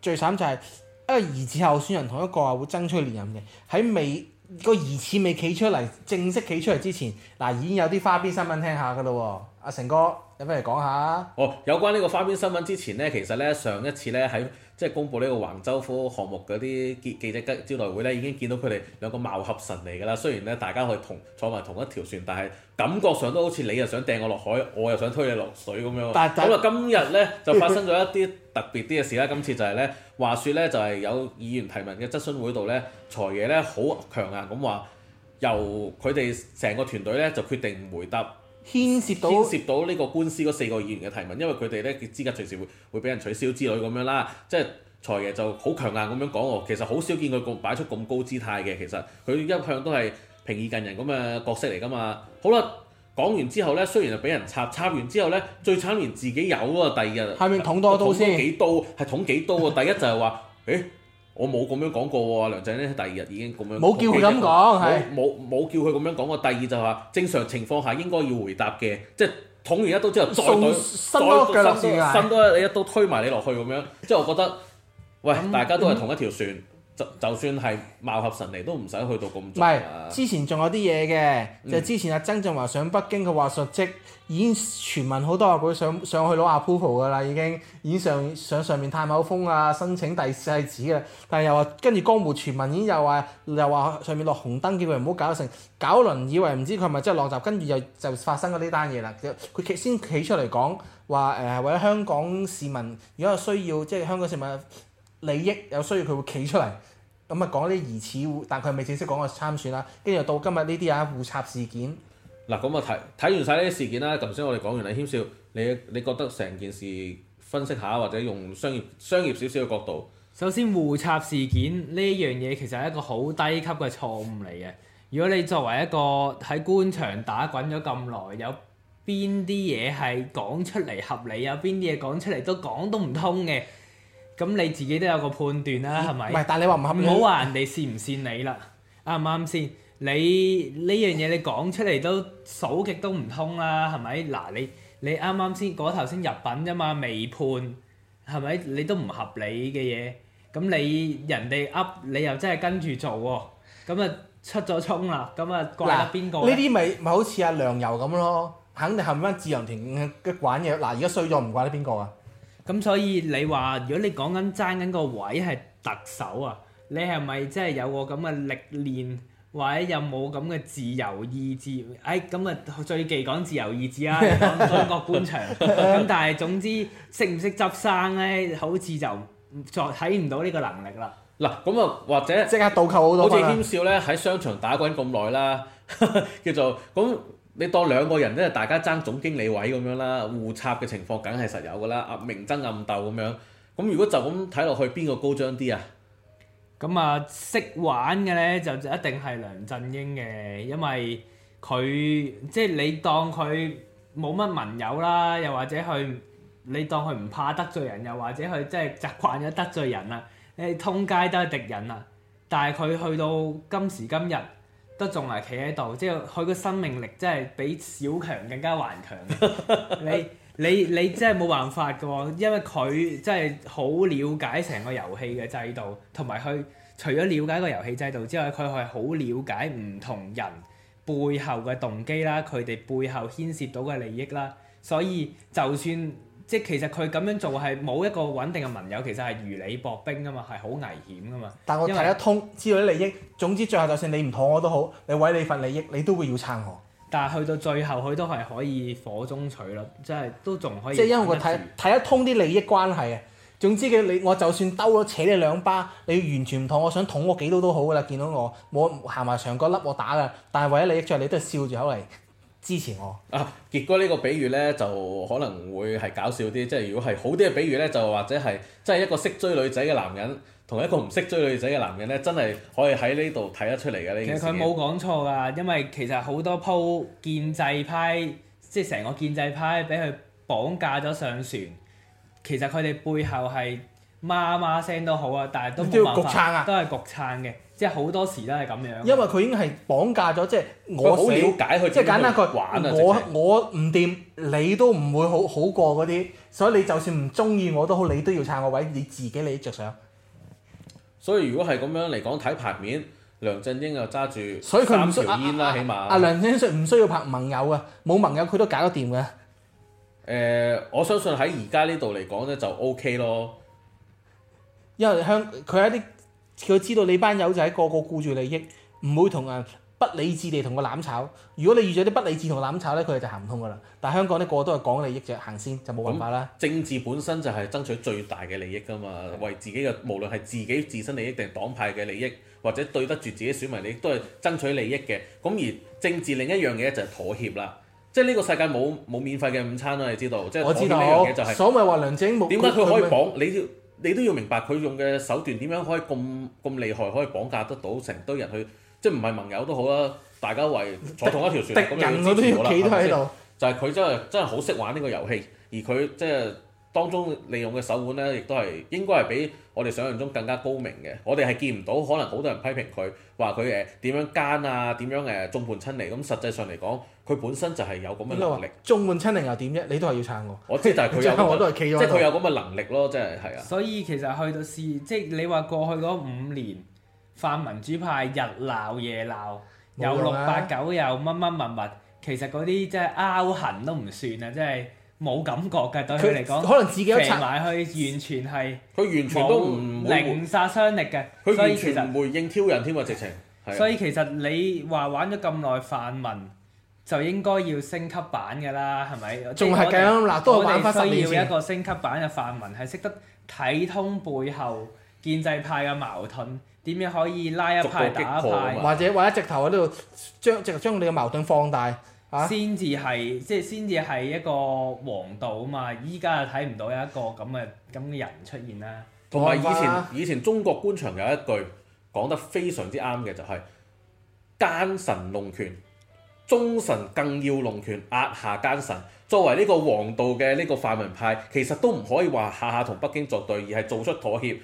最慘就係、是、因為疑似候選人同一個啊會爭取嚟連任嘅喺未個疑似未企出嚟正式企出嚟之前嗱、啊、已經有啲花邊新聞聽下㗎啦喎。阿成哥，有咩嚟講下哦，有關呢個花邊新聞之前呢，其實呢，上一次呢，喺即係公布呢個橫州科項目嗰啲記者吉招待會呢，已經見到佢哋兩個貌合神離㗎啦。雖然呢，大家去同坐埋同一條船，但係感覺上都好似你又想掟我落海，我又想推你落水咁樣。但係走啦，今日呢，就發生咗一啲特別啲嘅事啦。 今次就係呢，話説呢，就係有議員提問嘅質詢會度呢，財爺呢，好強硬咁話，由佢哋成個團隊呢，就決定唔回答。牽涉到牽涉到呢個官司嗰四個議員嘅提問，因為佢哋咧資格隨時會會俾人取消之類咁樣啦。即係財爺就好強硬咁樣講喎，其實好少見佢咁擺出咁高姿態嘅。其實佢一向都係平易近人咁嘅角色嚟㗎嘛。好啦，講完之後咧，雖然係俾人插插完之後咧，最慘連自己有啊第二日下面捅多刀先幾刀，係捅幾刀啊？ 第一就係話，誒。我冇咁樣講過喎，梁振英喺第二日已經咁樣冇叫佢咁講，係冇冇叫佢咁樣講過。第二就係、是、話正常情況下應該要回答嘅，即係捅完一刀之後再捅，再伸，伸多一你一刀推埋你落去咁樣。即、就、係、是、我覺得，喂，嗯、大家都係同一條船。嗯就就算係貌合神離都唔使去到咁。唔係，之前仲有啲嘢嘅，嗯、就之前阿曾俊華上北京佢話述職，已經傳聞好多話佢上上去攞阿 p o p o 嘅啦，已經，已經上上上，上面探口風啊，申請第四子嘅。但係又話跟住江湖傳聞已經又話又話上面落紅燈，叫佢唔好搞成搞輪，以為唔知佢係咪真係落閘，跟住又就發生咗呢單嘢啦。佢先企出嚟講話誒，為咗香港市民，如果有需要，即係香港市民。利益有需要佢會企出嚟，咁啊講啲疑似，但佢未正式講過參選啦。跟住到今日呢啲啊互插事件。嗱，咁啊睇睇完晒呢啲事件啦。頭先我哋講完啊，謙少，你你覺得成件事分析下，或者用商業商業少少嘅角度？首先，互插事件呢樣嘢其實係一個好低級嘅錯誤嚟嘅。如果你作為一個喺官場打滾咗咁耐，有邊啲嘢係講出嚟合理，有邊啲嘢講出嚟都講都唔通嘅？咁你自己都有個判斷啦，係咪咦？唔係，但係你話唔合理唔好話人哋善唔善你啦。啱唔啱先？你呢樣嘢你講出嚟都數極都唔通啦，係咪？嗱、啊，你你啱啱先嗰頭先入品啫嘛，未判係咪？你都唔合理嘅嘢，咁你人哋噏，你又真係跟住做喎、啊，咁啊出咗衝啦，咁啊怪得邊個？呢啲咪咪好似阿梁油咁咯，肯定後面翻自揚田嘅嘅管嘢。嗱，而家衰咗唔怪得邊個啊？咁所以你話，如果你講緊爭緊個位係特首啊，你係咪真係有個咁嘅歷練，或者有冇咁嘅自由意志？誒、哎，咁啊最忌講自由意志啊，講中國官場。咁 但係總之，識唔識執生咧，好似就再睇唔到呢個能力啦。嗱，咁啊，或者即刻倒扣好多。好似謙少咧喺商場打滾咁耐啦， 叫做咁。你當兩個人即係，大家爭總經理位咁樣啦，互插嘅情況梗係實有㗎啦，明爭暗鬥咁樣。咁如果就咁睇落去，邊個高張啲啊？咁啊，識玩嘅咧就一定係梁振英嘅，因為佢即係你當佢冇乜盟友啦，又或者佢你當佢唔怕得罪人，又或者佢即係習慣咗得，得罪人啊，你通街都係敵人啊，但係佢去到今時今日。都仲係企喺度，即係佢個生命力真係比小強更加頑強。 你你你真係冇辦法嘅喎，因為佢真係好了解成個遊戲嘅制度，同埋佢除咗了，了解個遊戲制度之外，佢係好了解唔同人背後嘅動機啦，佢哋背後牽涉到嘅利益啦，所以就算。即其實佢咁樣做係冇一個穩定嘅盟友，其實係如履薄冰噶嘛，係好危險噶嘛。但我睇得通，因為知道啲利益。總之最後就算你唔妥我都好，你毀你份利益，你都會要撐我。但係去到最後佢都係可以火中取栗，即係都仲可以。即係因為佢睇睇得通啲利益關係啊。總之佢你我就算兜咗扯你兩巴，你完全唔妥，我想捅我幾刀都好噶啦。見到我我行埋牆角粒，我，粒我打啦，但係為咗利益著，你都係笑住口嚟。支持我啊！結果呢個比喻呢，就可能會係搞笑啲。即係如果係好啲嘅比喻呢，就或者係即係一個識追女仔嘅男人，同一個唔識追女仔嘅男人呢，真係可以喺呢度睇得出嚟嘅呢件事。其實佢冇講錯㗎，因為其實好多鋪建制派，即係成個建制派俾佢綁架咗上船。其實佢哋背後係媽媽聲都好都啊，但係都都係局撐嘅。即係好多時都係咁樣。因為佢已經係綁架咗，即、就、係、是、我好了解佢、啊，即係簡單一個，我我唔掂，你都唔會好好過嗰啲。所以你就算唔中意我都好，你都要撐個位，你自己你着想。所以如果係咁樣嚟講，睇牌面，梁振英又揸住所三條煙啦、啊，起碼。阿、啊啊啊、梁先生唔需要拍盟友啊，冇盟友佢都搞得掂嘅。誒、呃，我相信喺而家呢度嚟講咧，就 OK 咯。因為香佢喺啲。佢知道你班友仔個個顧住利益，唔會同人不理智地同個攬炒。如果你遇咗啲不理智同攬炒咧，佢哋就行唔通噶啦。但係香港呢個個都係講利益就行先，就冇辦法啦、嗯。政治本身就係爭取最大嘅利益㗎嘛，的為自己嘅無論係自己自身利益定黨派嘅利益，或者對得住自己選民利益都係爭取利益嘅。咁而政治另一樣嘢就係妥協啦，即係呢個世界冇冇免費嘅午餐啦。你知道，即係、就是、我知啦。我所謂話梁振英點解佢可以講你？你都要明白佢用嘅手段點樣可以咁咁厲害，可以綁架得到成堆人去，即係唔係盟友都好啦，大家圍坐同一條船咁敵人 樣接住咗啦。就係佢真係真係好識玩呢個遊戲，而佢即係當中利用嘅手腕咧，亦都係應該係比我哋想象中更加高明嘅。我哋係見唔到，可能好多人批評佢話，佢誒點樣奸啊，點樣誒眾叛親離，咁。實際上嚟講。佢本身就係有咁嘅能力，眾叛親離又點啫？你都係要撐我。我知但係佢有，即係佢有咁嘅能力咯，即係係啊。所以其實去到是即係你話過去嗰五年泛民主派日鬧夜鬧，有六八九又乜乜物物，其實嗰啲即係拗痕都唔算啊，即係冇感覺嘅對佢嚟講。可能自己平埋去，完全係佢完全都唔，零殺傷力嘅，佢完全唔回應挑人添喎直情。所以其實你話玩咗咁耐泛民。就應該要升級版嘅啦，係咪？仲係咁嗱，都係需要一個升級版嘅泛民，係識得睇通背後建制派嘅矛盾，點樣可以拉一派打一派，或者或者直頭喺度將直頭將你嘅矛盾放大先至係即係先至係一個王道啊嘛！依家就睇唔到有一個咁嘅咁嘅人出現啦。同埋以前以前中國官場有一句講得非常之啱嘅，就係、是、奸臣弄權。忠臣更要龍權壓下奸臣，作為呢個皇道嘅呢個泛民派，其實都唔可以話下下同北京作對，而係做出妥協，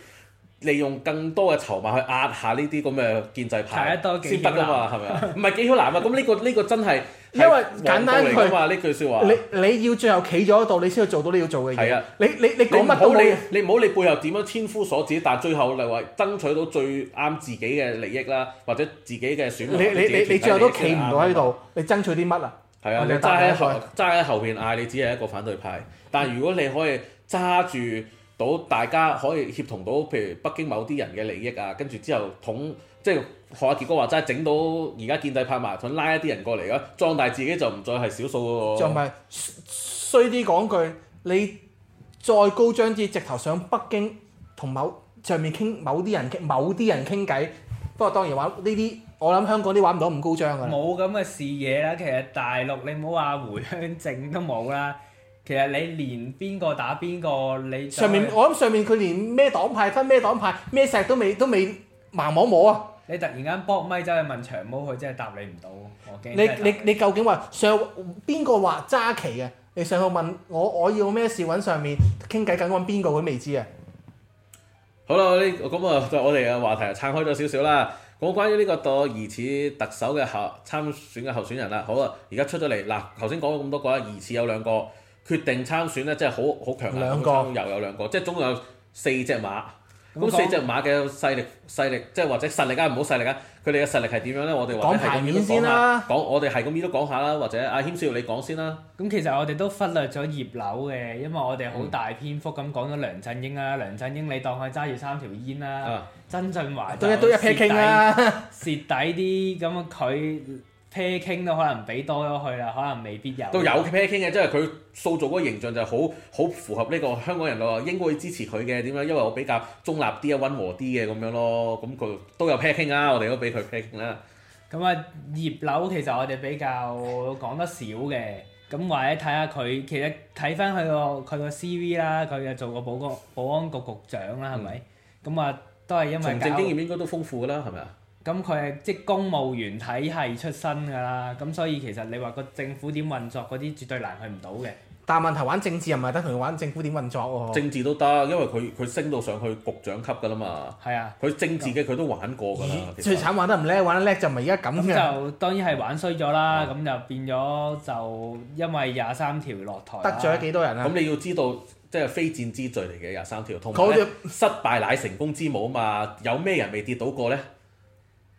利用更多嘅籌碼去壓下呢啲咁嘅建制派先得噶嘛？係咪啊？唔係紀曉嵐啊？咁呢、 這個呢、這個真係。 因為簡單句話呢句説話，你你要最後企咗喺度，你先去做到你要做嘅嘢。係啊，你你你講乜都你你唔好你背後點樣千夫所指，但係最後嚟話爭取到最啱自己嘅利益啦，或者自己嘅選民。你你你你最後都企唔到喺度，嗎你爭取啲乜啊？係啊，你揸喺後揸喺後邊嗌，你只係一個反對派。但係如果你可以揸住到大家可以協同到，譬如北京某啲人嘅利益啊，跟住之後統。即係學阿傑哥話齋，整到而家建制派矛盾，想拉一啲人過嚟咯，壯大自己就唔再係少數嗰個。就咪衰啲講句，你再高張啲，直頭上北京同某上面傾某啲人傾某啲人傾偈。不過當然話呢啲，我諗香港啲玩唔到咁高張噶。冇咁嘅視野啦，其實大陸你唔好話回鄉證都冇啦，其實你連邊個打邊個你上面我諗上面佢連咩黨派分咩黨派咩石都未都未盲摸摸啊！你突然間卜咪，走去問長毛，佢真係答你唔到。我驚你你你，你究竟話上邊個話揸旗嘅？你上去問我，我要咩事揾上面傾偈緊揾邊個，佢未知啊！好啦，呢咁啊，我哋嘅話題撐開咗少少啦。講關於呢個疑似特首嘅候參選嘅候選人啦。好啦，而家出咗嚟嗱，頭先講咗咁多個啦，疑似有兩個決定參選咧，真係好好強啊！兩個又有，有兩個，即係總共有四隻馬。咁四隻馬嘅勢力勢力，即係或者實力啊，唔好勢力啊，佢哋嘅實力係點樣咧？我哋或者係咁樣講下，講、啊、我哋係咁樣都講下啦。或者阿軒少你講先啦。咁其實我哋都忽略咗葉劉嘅，因為我哋好大篇幅咁講咗梁振英啦、啊，梁振英你當佢揸住三條煙啦、啊，曾俊、嗯、華都一都一批傾啦，蝕底啲咁佢，pair 傾都可能俾多咗佢啦，可能未必有都有 pair 傾嘅，即係佢塑造嗰個形象就好好符合呢個香港人個應該會支持佢嘅點樣，因為我比較中立啲啊、溫和啲嘅咁樣咯。咁佢都有 pair 傾啊，我哋都俾佢 pair 傾啦。咁啊葉劉其實我哋比較講得少嘅，咁或者睇下佢其實睇翻佢個佢個 CV 啦，佢又做過保安保安局局長啦，係咪？咁啊、嗯、都係因為從政經驗應該都豐富㗎啦，係咪啊？咁佢係即公務員體系出身㗎啦，咁所以其實你話個政府點運作嗰啲絕對難佢唔到嘅。但係問題玩政治又唔係得同佢玩政府點運作喎、啊。政治都得，因為佢佢升到上去局長級㗎啦嘛。係啊，佢政治嘅佢都玩過㗎啦。咦最慘玩得唔叻，玩得叻就咪而家咁。就當然係玩衰咗啦，咁、嗯、就變咗就因為廿三條落台。得罪咗幾多人啊？咁你要知道，即、就、係、是、非戰之罪嚟嘅廿三條，同埋就失敗乃成功之母啊嘛！有咩人未跌倒過呢？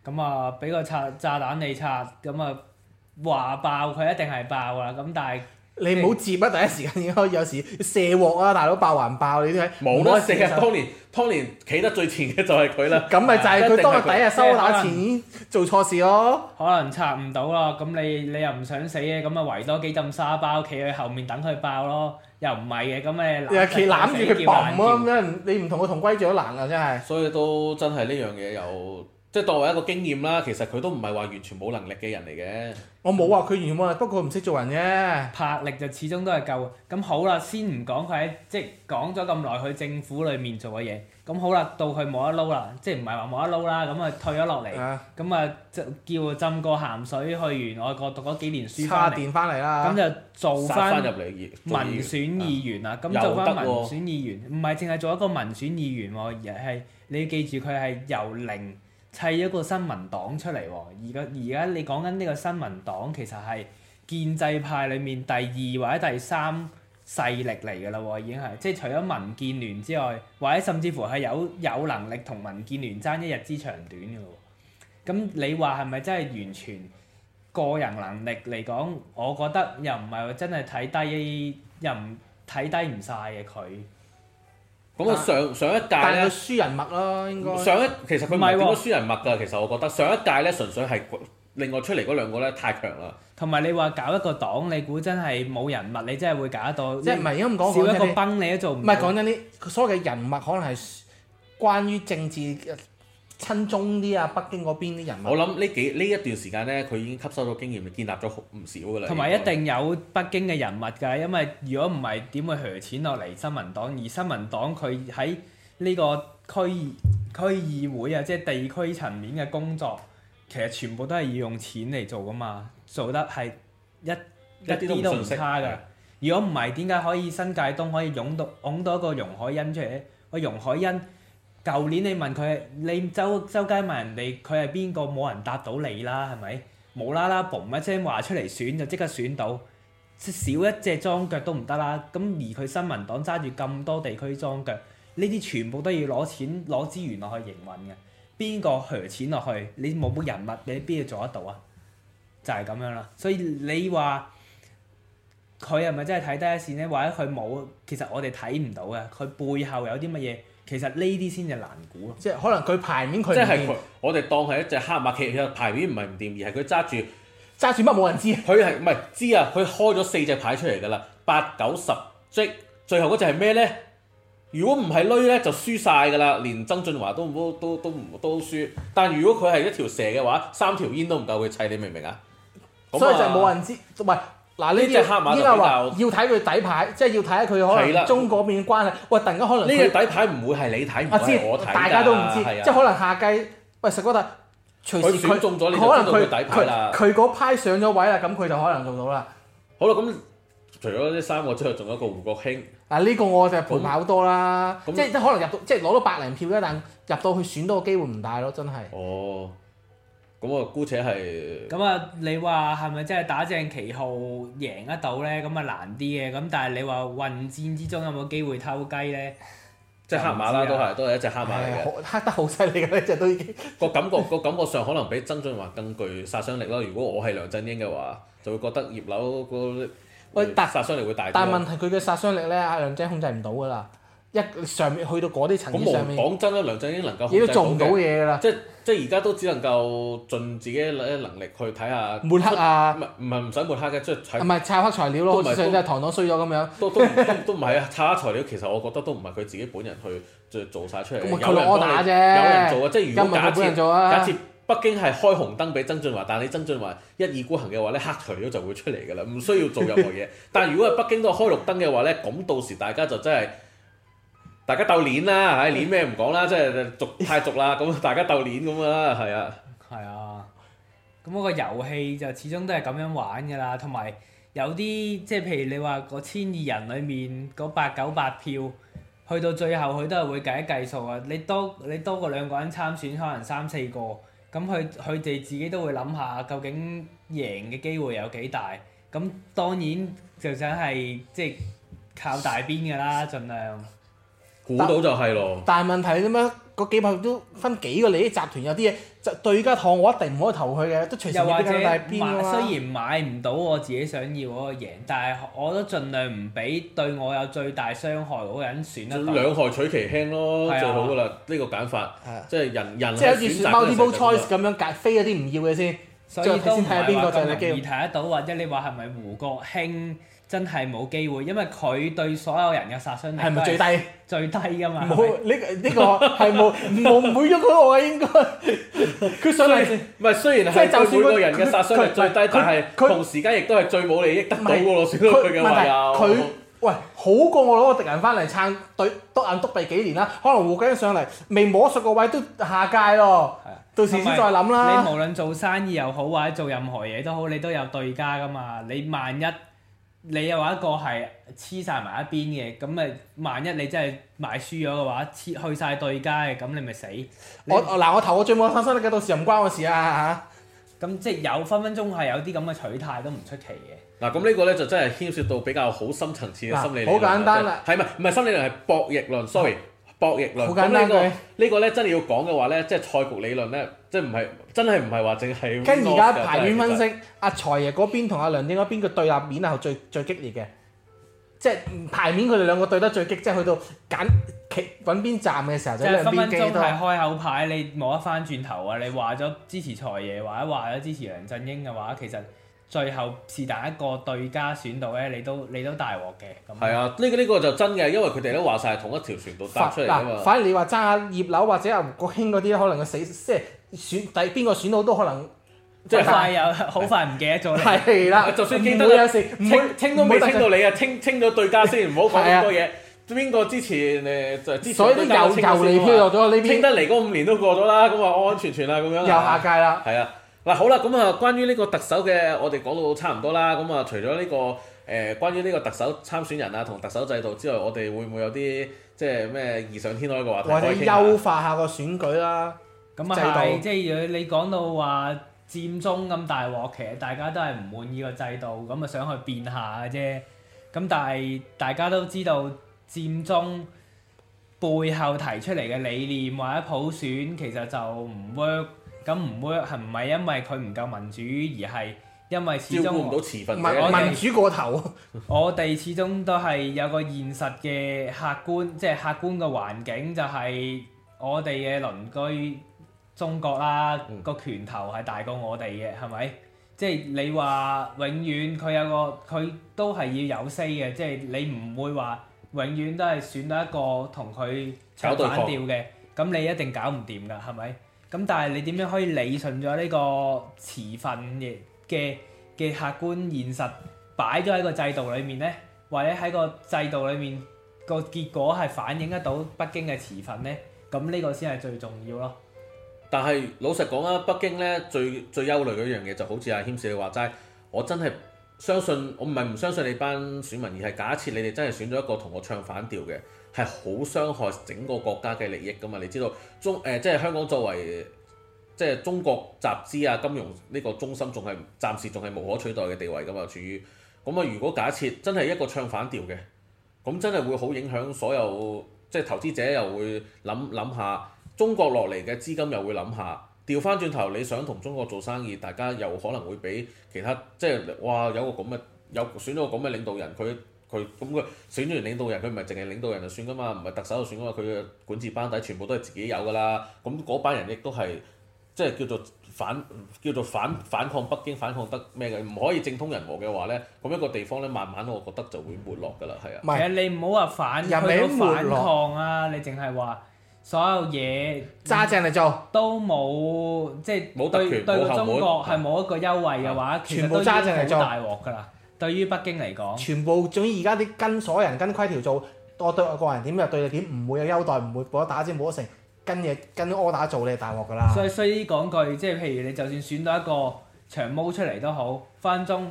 咁啊，俾個炸炸彈你拆，咁啊話爆佢一定係爆啊。咁但係你唔好接啊。第一時間已經開始有時射鑊啊！大佬爆還爆你都位冇咯，當年，當年企得最前嘅就係佢啦。咁咪就係佢當日第一日收攞錢做錯事咯。可能拆唔到啦，咁你你又唔想死嘅，咁咪圍多幾浸沙包，企喺後面等佢爆咯。又唔係嘅，咁你又企攬住佢爆啊！你唔同佢同歸於攔啊！真係。所以都真係呢樣嘢有。即係作為一個經驗啦，其實佢都唔係話完全冇能力嘅人嚟嘅。我冇話佢完全冇能力，不過唔識做人啫。魄力就始終都係夠。咁好啦，先唔講佢喺，即係講咗咁耐，去政府裡面做嘅嘢。咁好啦，到佢冇得撈啦，即係唔係話冇得撈啦？咁啊退咗落嚟，咁啊就叫浸過鹹水去完外國讀咗幾年書，充電翻嚟啦。咁就做翻入嚟民選議員啦。咁做翻民選議員，唔係淨係做一個民選議員喎，而係你要記住佢係由零。砌咗個新聞黨出嚟喎，而家而家你講緊呢個新聞黨其實係建制派裡面第二或者第三勢力嚟㗎啦喎，已經係即係除咗民建聯之外，或者甚至乎係有有能力同民建聯爭一日之長短㗎喎。咁你話係咪真係完全個人能力嚟講？我覺得又唔係話真係睇低，又唔睇低唔晒嘅佢。咁上但上一屆咧，輸人脈啦，應該上一，其實佢唔係點輸人脈㗎。啊、其實我覺得上一屆咧純粹係另外出嚟嗰兩個咧太強啦。同埋你話搞一個黨，你估真係冇人脈，你真係會搞得到？即係唔係咁講？你因為少一個崩你都做唔。唔係講緊啲，所謂嘅人脈可能係關於政治。親中啲啊，北京嗰邊啲人物。我諗呢幾呢一段時間咧，佢已經吸收到經驗，建立咗好唔少㗎喇。同埋一定有北京嘅人物㗎，因為如果唔係點會賀錢落嚟新民黨？而新民黨佢喺呢個區議區議會啊，即係地區層面嘅工作，其實全部都係要用錢嚟做㗎嘛，做得係一一啲都唔差㗎。的如果唔係點解可以新界東可以擁到擁到一個容海恩出嚟？個容海恩舊年你問佢，你周周街問人哋佢係邊個，冇人答到你啦，係咪？冇啦啦嘣一聲話出嚟選就即刻選到，少一隻裝腳都唔得啦。咁而佢新民黨揸住咁多地區裝腳，呢啲全部都要攞錢攞資源落去營運嘅。邊個賀錢落去？你冇人物，你邊度做得到啊？就係咁樣啦。所以你話佢係咪真係睇低一線呢？或者佢冇？其實我哋睇唔到嘅，佢背後有啲乜嘢？其實呢啲先至難估啊。即係可能佢牌面佢，即係佢我哋當係一隻黑馬。其實牌面唔係唔掂，而係佢揸住揸住乜冇人知。佢係唔係知啊？佢開咗四隻牌出嚟㗎啦，八九十即係最後嗰隻係咩呢？如果唔係累呢就輸晒㗎啦。連曾俊華都都都都唔都輸。但如果佢係一條蛇嘅話，三條煙都唔夠佢砌，你明唔明啊？所以就冇人知，唔係。嗱，呢啲，依家話要睇佢底牌，即係要睇下佢可能中嗰邊關係。喂，突然間可能呢個底牌唔會係你睇，唔係我睇，大家都唔知。即係可能下季，喂石哥特，隨時佢可能佢佢佢嗰批上咗位啦，咁佢就可能做到啦。好啦，咁除咗呢三個之後，仲有一個胡國興。嗱，呢個我就陪跑多啦，即係即係可能入到，即係攞到百零票啫，但入到去選到嘅機會唔大咯，真係。哦。咁啊，姑且係咁啊。你話係咪真係打正旗號贏得到咧？咁啊難啲嘅。咁但係你話混戰之中有冇機會偷雞咧？即係黑馬啦，都係都係一隻黑馬嚟嘅，黑得好犀利嘅呢隻都已經 個感覺、個感覺上可能比曾俊華更具殺傷力咯。如果我係梁振英嘅話，就會覺得葉劉個喂得殺傷力會大啲。但係問題佢嘅殺傷力咧，阿梁姐控制唔到噶啦。一上面去到嗰啲層面上，講真啦，梁振英能夠做到嘢噶啦，即係即係而家都只能夠盡自己嘅能力去睇下抹黑啊，唔係唔使抹黑嘅，即係唔係拆黑材料咯，都唔係唐唐衰咗咁樣，都都都唔係啊！拆黑材料其實我覺得都唔係佢自己本人去做晒出嚟，有人幫你有人做啊！即係如果假設假設北京係開紅燈俾曾俊華，但係你曾俊華一意孤行嘅話咧，黑材料就會出嚟噶啦，唔需要做任何嘢。但如果係北京都開綠燈嘅話咧，咁到時大家就真係～大家鬥鏈啦，唉，鏈咩唔講啦，即係續太續啦，咁大家鬥鏈咁啦，係啊，係 啊，咁、那、嗰個遊戲就始終都係咁樣的玩噶啦，同埋有啲即係譬如你話個千二人裏面嗰八九百票，去到最後佢都係會計一計數啊，你多你多過兩個人參選，可能三四個，咁佢佢哋自己都會諗下究竟贏嘅機會有幾大，咁當然就想係即係靠大邊噶啦，盡量。估到就係咯，但係問題點樣？嗰幾百都分幾個利益集團有，有啲嘢就對家趟我一定唔可以投佢嘅，都隨時有比較大變啊！雖然買唔到我自己想要嗰個贏，但係我都盡量唔俾對我有最大傷害嗰個人選得大。兩害取其輕咯，最、嗯啊、好噶啦，呢、呢個揀法，即係、啊啊、人人即係好似 multiple choice 咁樣，隔飛嗰啲唔要嘅先，所以都睇下邊個最容易。睇得到或者你話係咪胡國興？真係冇機會，因為佢對所有人嘅殺傷力係咪最低？最低㗎嘛？冇呢呢個係冇冇唔會喐佢我應該。佢上嚟先，唔係雖然係就算對每個人嘅殺傷力最低，但係同時間亦都係最冇利益得到㗎咯。算到佢嘅位啊！佢喂好過我攞個敵人翻嚟撐對篤眼篤鼻幾年啦。可能護緊上嚟未摸熟個位都下屆咯。到時先再諗啦。你無論做生意又好或者做任何嘢都好，你都有對家㗎嘛？你萬一～你又話一個係黐晒埋一邊嘅，咁咪萬一你真係買輸咗嘅話，黐去晒對街，咁你咪死。我嗱我投我，我最冇信心嘅，到時又唔關我事啊嚇。咁即係有分分鐘係有啲咁嘅取態都唔出奇嘅。嗱咁、啊、呢個咧就真係牽涉到比較好深層次嘅心理，理論。嗱好、啊、簡單啦，係咪唔係心理，理論係博弈論，sorry。嗯博弈論，好簡單呢、這個呢、這個呢，真係要講嘅話呢，即係賽局理論呢，即係唔係真係唔係話淨係。跟而家牌面分析，阿財爺嗰邊同阿梁振英嗰邊嘅對立面係最最激烈嘅，即係牌面佢哋兩個對得最激，即係去到揀企揾邊站嘅時候，就係分分鐘係開口牌，你冇得翻轉頭啊！你話咗支持財爺，話咗或者話咗支持梁振英嘅話，其實。最後是但一個對家選到咧，你都你都大鑊嘅。係啊，呢個呢個就真嘅，因為佢哋都話晒係同一條船度搭出嚟。反而你話揸下葉劉或者阿胡國興嗰啲可能佢死即係選第邊個選到都可能即係快又好快唔記得咗咧。係啦，就算清都有事，清清都未清到你啊！清清咗對家先，唔好講咁多嘢。邊個之前誒就之所以都油油嚟飄落咗你邊，清得嚟嗰五年都過咗啦，咁啊安安全全啦，咁樣又下屆啦。係啊。嗱、啊、好啦，咁啊、嗯這個呃，關於呢個特首嘅，我哋講到差唔多啦。咁啊，除咗呢個誒，關於呢個特首參選人啊，同特首制度之外，我哋會唔會有啲即係咩異想天開嘅話題可以傾？我或者優化下個選舉啦，咁啊是，度即係如果你講到話佔中咁大鑊，其實大家都係唔滿意個制度，咁啊，想去變下嘅啫。咁但係大家都知道佔中背後提出嚟嘅理念或者普選，其實就唔 work。咁唔會係唔係因為佢唔夠民主而係因為始終照顧唔到持份者，我們民主過頭。 我哋始終都係有個現實嘅客觀，即係客觀嘅環境，就係我哋嘅鄰居中國啦，個、嗯、拳頭係大過我哋嘅，係咪？即係你話永遠佢有個佢都係要有 say 嘅，即係你唔會話永遠都係選到一個同佢搞對抗嘅，咁你一定搞唔掂噶，係咪？咁但係你點樣可以理順咗呢個持份嘅嘅嘅客觀現實擺咗喺個制度裏面呢？或者喺個制度裏面個結果係反映得到北京嘅持份呢？咁呢個先係最重要咯。但係老實講啊，北京呢最最憂慮嘅一樣嘢就好似阿軒 Sir 話齋，我真係相信我唔係唔相信你班選民，而係假設你哋真係選咗一個同我唱反調嘅。係好傷害整個國家嘅利益㗎嘛？你知道中誒、呃、即係香港作為即係中國集資啊，金融呢個中心，仲係暫時仲係無可取代嘅地位㗎嘛？處於咁啊！如果假設真係一個唱反調嘅，咁真係會好影響所有即係投資者又會諗諗下，中國落嚟嘅資金又會諗下，調返轉頭你想同中國做生意，大家又可能會俾其他即係哇有個咁嘅有選咗個咁嘅領導人佢。佢咁佢選咗完領導人，佢唔係淨係領導人就算噶嘛，唔係特首就算噶嘛。佢嘅管治班底全部都係自己有噶啦。咁嗰班人亦都係即係叫做反叫做反反抗北京，反抗得咩嘅？唔可以政通人和嘅話咧，咁一個地方咧，慢慢我覺得就會沒落噶啦。係啊是，唔係你唔好話反佢反抗啊，你淨係話所有嘢揸正嚟做都冇即係冇對個對中國係冇一個優惠嘅話，全部揸正嚟做，對大鑊噶啦。對於北京嚟講，全部總之而家啲跟鎖人跟規條做，我對外國人點就對你點，唔會有優待，唔會幫我打尖，冇得成跟嘢跟柯打做你大鑊噶啦。所以所以講句，即係譬如你就算選到一個長毛出嚟都好，分分鐘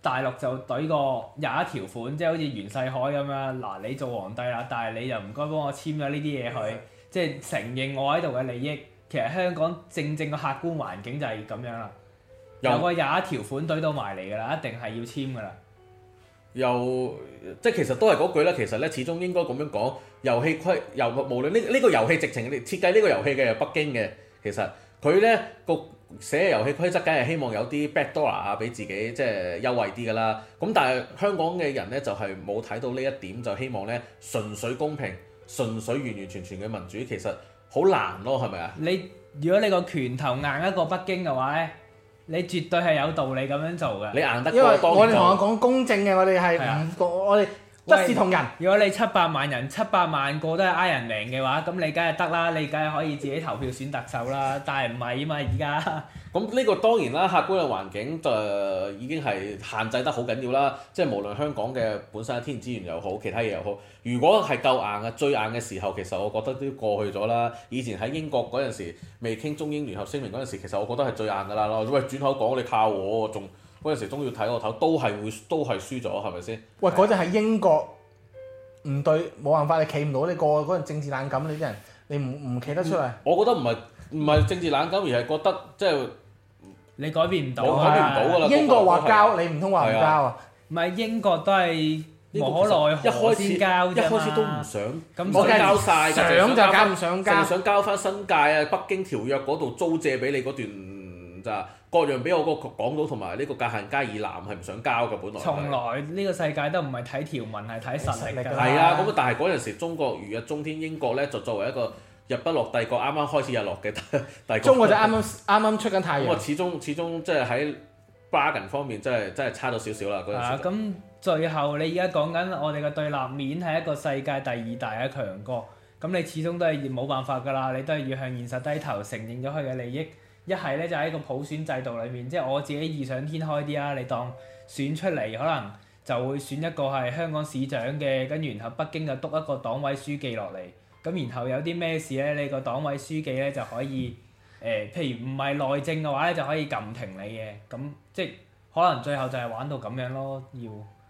大陸就懟個廿一條款，即係好似袁世凱咁樣。嗱、啊，你做皇帝啦，但係你又唔該幫我簽咗呢啲嘢去，即係的承認我喺度嘅利益。其實香港正正嘅客觀環境就係咁樣啦。有個廿一條款堆到埋嚟噶啦，一定係要簽噶啦。又即係其實都係嗰句咧，其實呢始終應該咁樣講遊戲規，遊無論呢呢個遊戲直情設計呢個遊戲嘅北京嘅，其實佢呢個寫遊戲規則，梗係希望有啲 backdoor 啊，俾自己即係優惠啲噶啦。咁但係香港嘅人呢，就係冇睇到呢一點，就希望呢純粹公平、純粹完完全全嘅民主，其實好難咯，係咪啊？你如果你個拳頭硬一個北京嘅話呢？你絕對係有道理咁樣做嘅，你硬得過？因為我哋同我講公正嘅，我哋係唔我哋一視同仁。如果你七百萬人、七百萬個都係 Iron Man 嘅話，咁你梗係得啦，你梗係可以自己投票選特首啦。但係唔係啊嘛，而家。咁呢個當然啦，客觀嘅環境就已經係限制得好緊要啦。即係無論香港嘅本身嘅天然資源又好，其他嘢又好，如果係夠硬呀，最硬嘅時候其實我覺得都過去咗啦。以前喺英國嗰陣時，未傾中英聯合聲明嗰陣時，其實我覺得係最硬噶啦。咯喂，轉口講你靠我，仲嗰陣時都要睇我頭，都係會都係輸咗，係咪先？喂，嗰只係英國唔對，冇辦法，你企唔到你過、嗰個嗰陣政治冷感，你啲人你唔唔企得出嚟。我覺得唔係唔係政治冷感，而係覺得即係。你改變唔到啊！英國話交你唔通話唔交啊？唔係英國都係無可奈何一開始交，一開始都唔想，我交晒，嘅，想就搞唔上交，淨係想交翻新界啊！北京條約嗰度租借俾你嗰段咋、嗯，各樣俾我個港島講到，同埋呢個界限街以南係唔想交嘅，本來。從來呢個世界都唔係睇條文，係睇實力㗎。係啊，咁啊，但係嗰陣時中國如日中天，英國咧就作為一個。日不落帝國啱啱開始日落嘅帝國，中國就啱啱啱啱出緊太陽。始終始終即係喺 bargain 方面，真係真係差咗少少啦。啊，咁、啊嗯、最後你而家講緊我哋嘅對立面係一個世界第二大強國，咁你始終都係冇辦法㗎啦，你都係要向現實低頭，承認咗佢嘅利益。一係呢，就喺、是、個普選制度裏面，即係我自己異想天開啲啦，你當選出嚟可能就會選一個係香港市長嘅，跟住然後北京就篤一個黨委書記落嚟。咁然後有啲咩事咧？你個黨委書記咧就可以誒、呃，譬如唔係內政嘅話咧，就可以撳停你嘅。咁即係可能最後就係玩到咁樣咯。要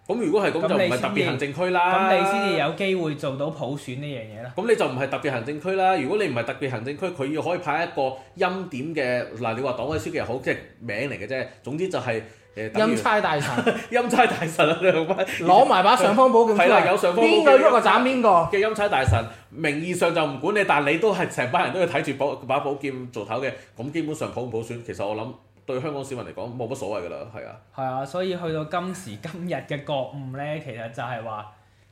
咁如果係咁就唔係特別行政區啦。咁你先至有機會做到普選呢樣嘢啦。咁你就唔係特別行政區啦。如果你唔係特別行政區，佢要可以派一個欽點嘅嗱、呃，你話黨委書記又好，即、就、係、是、名嚟嘅啫。總之就係、是。欽差大臣，欽 差大臣啊！你兩班攞埋把上方寶劍，睇啦、啊，有上方寶劍，邊個喐個斬邊個？嘅欽差，差大臣，名義上就唔管你，但你都係成班人都要睇住把寶劍做頭嘅。咁基本上普唔普選，其實我諗對香港市民嚟講冇乜所謂㗎啦，係啊，係啊，所以去到今時今日嘅覺悟咧，其實就係話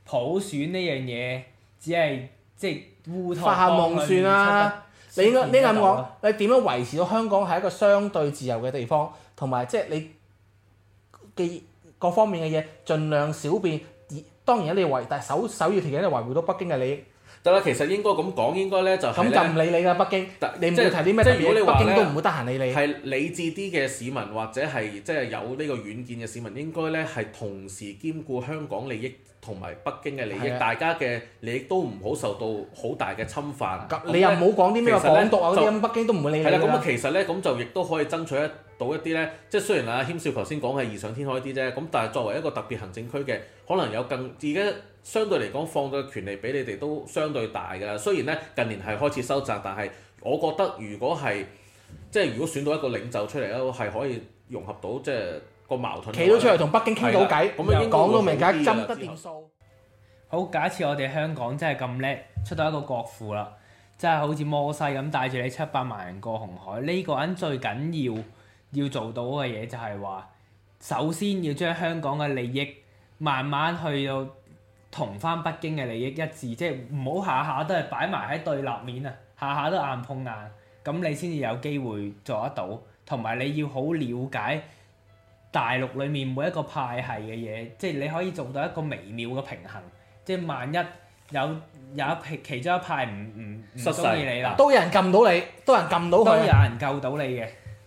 普選呢樣嘢，只係即係烏托邦，發下夢算啦。啊、了你應該呢個我，見你點樣維持到香港係一個相對自由嘅地方，同埋即係你。嘅各方面嘅嘢，儘量少變。當然你維，但係首首要條件都維護到北京嘅利益。得啦，其實應該咁講，應該咧就係、是、咁就唔理你啦，北京。但你唔要提啲咩你北京都唔會得閒理你。係理智啲嘅市民，或者係即係有呢個遠見嘅市民，應該咧係同時兼顧香港利益同埋北京嘅利益。的大家嘅利益都唔好受到好大嘅侵犯。嗯、你又唔好講啲咩港獨其實咧，多啊啲北京都唔會理你。啦的，咁其實咧咁就亦都可以爭取一。到一啲呢，即係雖然阿、啊、謙少頭先講係異想天開啲啫，咁但係作為一個特別行政區嘅，可能有更自己相對嚟講放嘅權利俾你哋都相對大㗎啦。雖然呢近年係開始收窄，但係我覺得如果係即係如果選到一個領袖出嚟咧，係可以融合到即係個矛盾，企到出嚟同北京傾到偈，咁已經講到明，而家解得掂數。好，假設我哋香港真係咁叻，出到一個國父啦，真係好似摩西咁帶住你七百萬人過紅海，呢、這個人最緊要。要做到嘅嘢就係話，首先要將香港嘅利益慢慢去到同翻北京嘅利益一致，即係唔好下下都係擺埋喺對立面啊，下下都硬碰硬，咁你先至有機會做得到。同埋你要好了解大陸裏面每一個派系嘅嘢，即係你可以做到一個微妙嘅平衡。即係萬一有有一其中一派唔唔唔中意你啦，都有人撳到你，都有人撳到佢，都有人救到你嘅。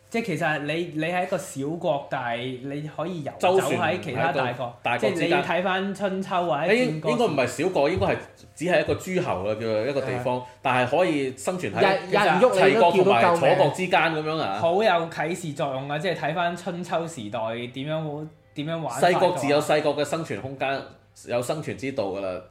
即係其實你你喺一個小國，但係你可以遊走喺其他大國，大國即係你睇翻春秋或者戰國。應該唔係小國，應該係只係一個諸侯嘅一個地方，的但係可以生存喺一齊國同埋楚國之間咁樣啊！好有啟示作用啊。即係睇翻春秋時代點樣點樣玩。細國自有細國嘅生存空間，有生存之道㗎啦。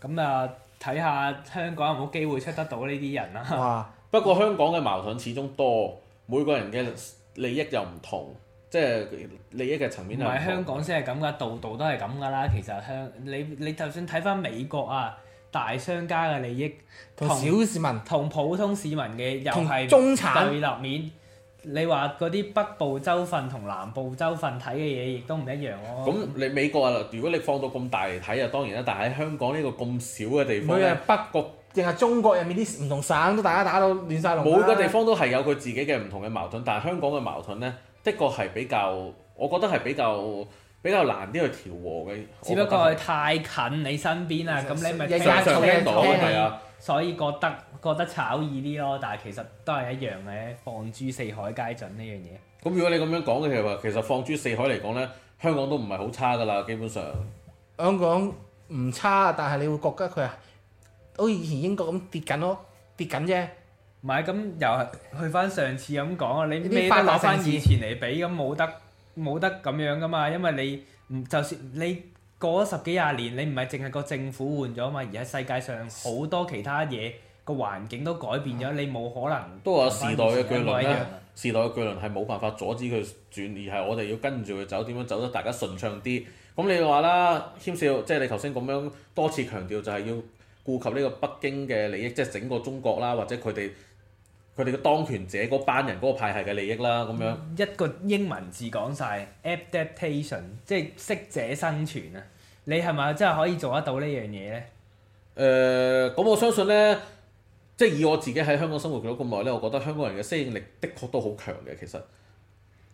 咁啊，睇下香港有冇機會出得到呢啲人啦。哇不過香港嘅矛盾始終多。每個人嘅利益又唔同，即係利益嘅層面又唔同。唔係，香港先係咁噶，度度都係咁噶啦。其實香你你，你就算睇翻美國啊，大商家嘅利益同小市民、同普通市民嘅又係中產對立面。你話嗰啲北部州份同南部州份睇嘅嘢，亦都唔一樣咯、啊。咁你美國啊，如果你放到咁大嚟睇啊，當然啦。但喺香港呢個咁小嘅地方咧，是你北國。淨係中國入面啲唔同省都大家打到亂晒龍，每個地方都係有佢自己嘅唔同嘅矛盾，但係香港嘅矛盾呢，的確係比較，我覺得係比較比較難啲去調和嘅。只不過太近你身邊啦，咁、嗯嗯、你咪日日聽到係啊，上上所以覺得覺得炒意啲咯。但係其實都係一樣嘅，放諸四海皆準呢樣嘢。咁如果你咁樣講嘅，其實話其實放諸四海嚟講呢，香港都唔係好差噶啦，基本上。香港唔差，但係你會覺得佢啊。好似以前英國咁跌緊咯，跌緊啫。咪咁又係去翻上次咁講啊，你咩都攞翻以前嚟比咁冇得冇得咁樣噶嘛？因為你唔就算你過咗十幾廿年，你唔係淨係個政府換咗嘛，而係世界上好多其他嘢個環境都改變咗，嗯、你冇可能都話時代嘅巨輪咧，為時代嘅巨輪係冇辦法阻止佢轉，而係我哋要跟住佢走，點樣走得大家順暢啲？咁你話啦，謙少即係你頭先咁樣多次強調，就係要。顧及呢個北京嘅利益，即係整個中國啦，或者佢哋佢哋嘅當權者嗰班人嗰個派系嘅利益啦，咁樣。一個英文字講晒，adaptation，即係適者生存啊！你係咪真係可以做得到呢樣嘢呢？誒、呃，咁我相信呢，即係以我自己喺香港生活咗咁耐呢，我覺得香港人嘅適應力的確都好強嘅，其實的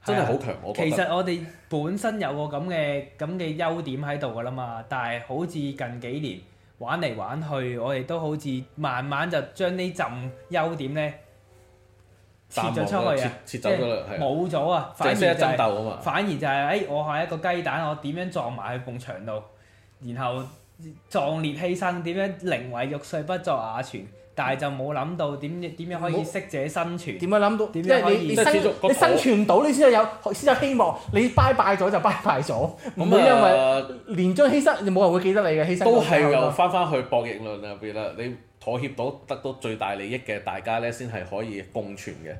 真係好強。其實我哋本身有個咁嘅咁嘅優點喺度噶啦嘛，但係好似近幾年。玩嚟玩去，我哋都好似慢慢就將呢陣優點呢撤咗出去啊！即係冇咗啊！即係識爭鬥啊嘛！反而就係、是、誒、就是哎，我係一個雞蛋，我點樣撞埋去埲牆度，然後壯烈犧牲，點樣寧為玉碎不作瓦全。但係就冇諗到點點樣可以適者生存？點樣諗到？因為你你生存唔到，你先有有先有希望。你拜拜咗就拜拜咗，唔會、嗯、因為年終犧牲，就冇人會記得你嘅犧牲。都係又返返去博弈論入邊啦，你妥協到得到最大利益嘅，大家咧先係可以共存嘅。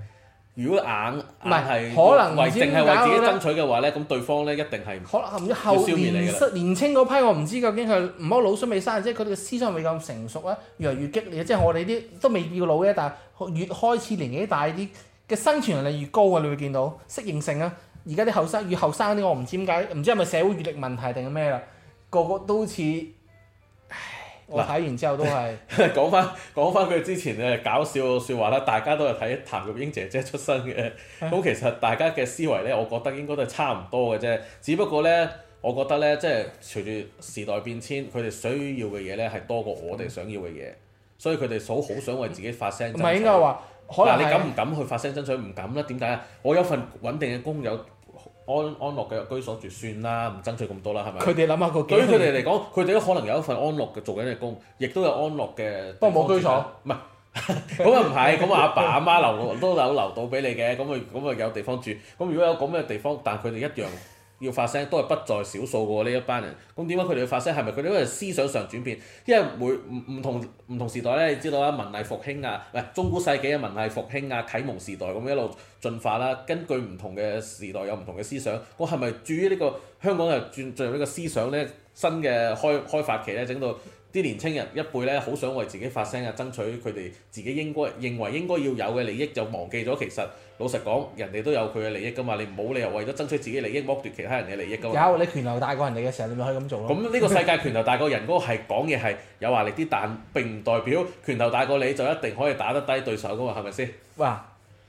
如果硬唔係可能為淨係為自己爭取嘅話咧，咁對方咧一定係可能後年青的年青嗰批，我唔知究竟係唔好老少未生，即係佢哋嘅思想未咁成熟啊，越嚟越激烈，即係我哋啲都未要老嘅，但係越開始年紀大啲嘅生存能力越高啊，你會見到適應性啊。而家啲後生越後生嗰啲，我唔知點解，唔知係咪社會閱歷問題定係咩啦？個個都好似～我睇完之後都係講翻講翻佢之前嘅搞笑説話啦，大家都係睇譚玉英姐姐出身嘅，咁 其實大家嘅思維咧，我覺得應該都係差唔多嘅啫。只不過咧，我覺得咧，即係隨住時代變遷，佢哋需要嘅嘢咧，係多過我哋想要嘅嘢，嗯、所以佢哋好好想為自己發聲爭取。唔係應該話，可能你敢唔敢去發聲爭取？唔敢啦，點解啊？我有份穩定嘅工有。安安樂嘅居所住算啦，唔爭取咁多啦，係咪？佢哋諗下個，對於佢哋嚟講，佢哋都可能有一份安樂嘅做緊嘅工，亦都有安樂嘅，不過冇居所， 唔係，咁又唔係，咁阿爸阿媽，媽留落都有留到俾你嘅，咁啊咁啊有地方住，咁如果有咁嘅地方，但佢哋一樣。要發聲都係不在少數嘅喎呢一班人。咁點解佢哋要發聲？係咪佢哋因為思想上轉變？因為每唔唔同唔同時代咧，你知道啦，文藝復興啊，唔係中古世紀嘅文藝復興啊，啟蒙時代咁一路進化啦。根據唔同嘅時代有唔同嘅思想。我係咪住於呢個香港嘅轉進入呢個思想咧新嘅開開發期咧，整到啲年輕人一輩咧好想為自己發聲啊，爭取佢哋自己應該認為應該要有嘅利益，就忘記咗其實。老實講，人哋都有佢嘅利益㗎嘛，你冇理由為咗爭取自己利益剝奪其他人嘅利益㗎嘛。有你拳頭大過人哋嘅時候，你咪可以咁做咯。咁呢個世界拳頭大過人嗰個係講嘢係有話力啲， 但並唔代表拳頭大過你就一定可以打得低對手㗎嘛，係咪先？哇！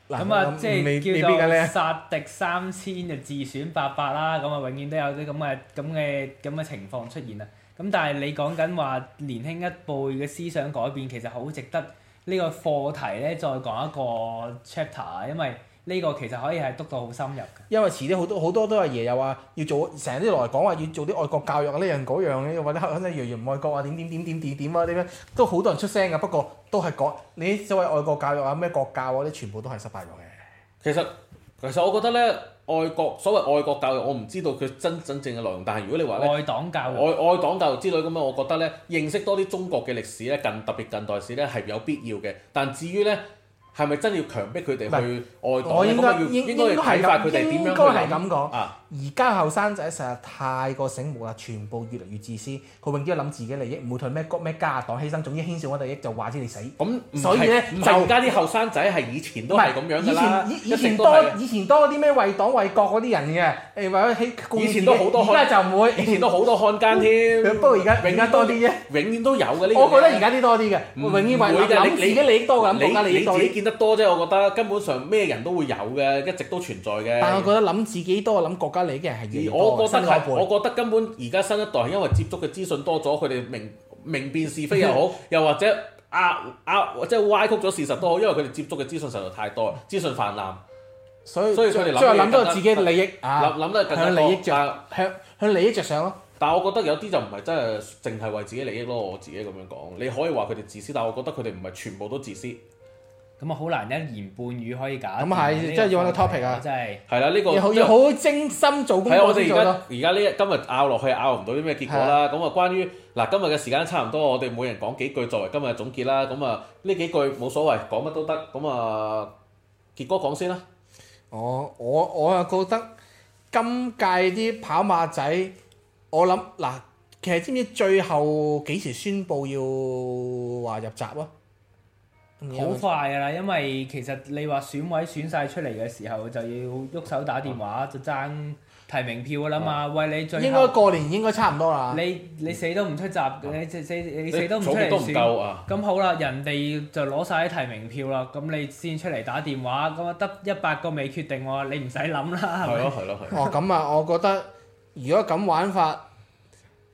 嗱，咁啊，即係未必㗎咧。啊、殺敵三千就自損八百啦，咁啊，永遠都有啲咁嘅咁嘅咁嘅情況出現啊。咁但係你講緊話年輕一輩嘅思想改變，其實好值得。呢個課題呢，再講一個 chapter，因為呢個其實可以係督到好深入嘅。因為遲啲好多好多都係爺又話要做，成日啲來講話要做啲愛國教育啊。呢樣嗰樣嘅，或者後生唔愛國啊，點點點點點點啊啲咩，都好多人出聲嘅。不過都係講你所謂愛國教育啊，咩國教啊，啲，全部都係失敗咗嘅。其實其實我覺得呢。外國所謂外國教育，我唔知道佢真真正嘅內容。但係如果你話外黨教育，外黨教育之類咁樣，我覺得咧，認識多啲中國嘅歷史咧，近特別近代史咧係有必要嘅。但至於咧，係咪真要強迫佢哋去外是黨？我應該應應該睇法佢哋點樣去樣啊？而家後生仔實在太過醒目啦，全部越嚟越自私。佢永遠都係諗自己利益，唔會同咩國咩家黨犧牲，總之牽涉我利益就話知你死。咁所以咧，就而家啲後生仔係以前都係咁樣㗎啦。以前多以前多啲咩為黨為國嗰啲人嘅，誒為起共。以前都好多，而家就唔會。以前都好多漢奸添，不過而家永遠多啲啫。永遠都有㗎呢啲嘢。我覺得而家啲多啲嘅，永遠為諗自己利益多㗎。諗自己利益多，自己見得多啫。我覺得根本上咩人都會有嘅，一直都存在嘅。但係我覺得諗自己多過諗國家。而我覺得，我覺得根本而家新一代係因為接觸嘅資訊多咗，佢哋明明辨是非又好，嗯、又或者啊啊即係歪曲咗事實都好，因為佢哋接觸嘅資訊實在太多，資訊泛濫，所以所以佢哋諗即係諗到自己利益，諗諗得更加利益著但向向利益着想咯。但係我覺得有啲就唔係真係淨係為自己利益咯。我自己咁樣講，你可以話佢哋自私，但係我覺得佢哋唔係全部都自私。咁啊，好難一言半語可以講。咁啊，係，真係要揾個 topic 啊，真係。係啦，呢個要好精心做工作做咯。係啊，我哋而家而家呢今日拗落去拗唔到啲咩結果啦。咁啊，關於嗱今日嘅時間差唔多，我哋每人講幾句作為今日嘅總結啦。咁啊，呢幾句冇所謂，講乜都得。咁啊，傑哥講先啦。我我我啊覺得今屆啲跑馬仔，我諗嗱，其實知唔知最後幾時宣佈要話入閘啊？好快噶啦，因為其實你話選委選晒出嚟嘅時候就要喐手打電話、嗯、就爭提名票噶啦嘛，嗯、喂，你最後應該過年應該差唔多啦。你你死都唔出閘，你死都唔出。早啲、嗯、都唔夠啊！咁好啦，人哋就攞晒啲提名票啦，咁你先出嚟打電話，咁啊得一百個未決定喎，你唔使諗啦。係咯係咯係。 哦，咁啊，我覺得如果咁玩法，誒、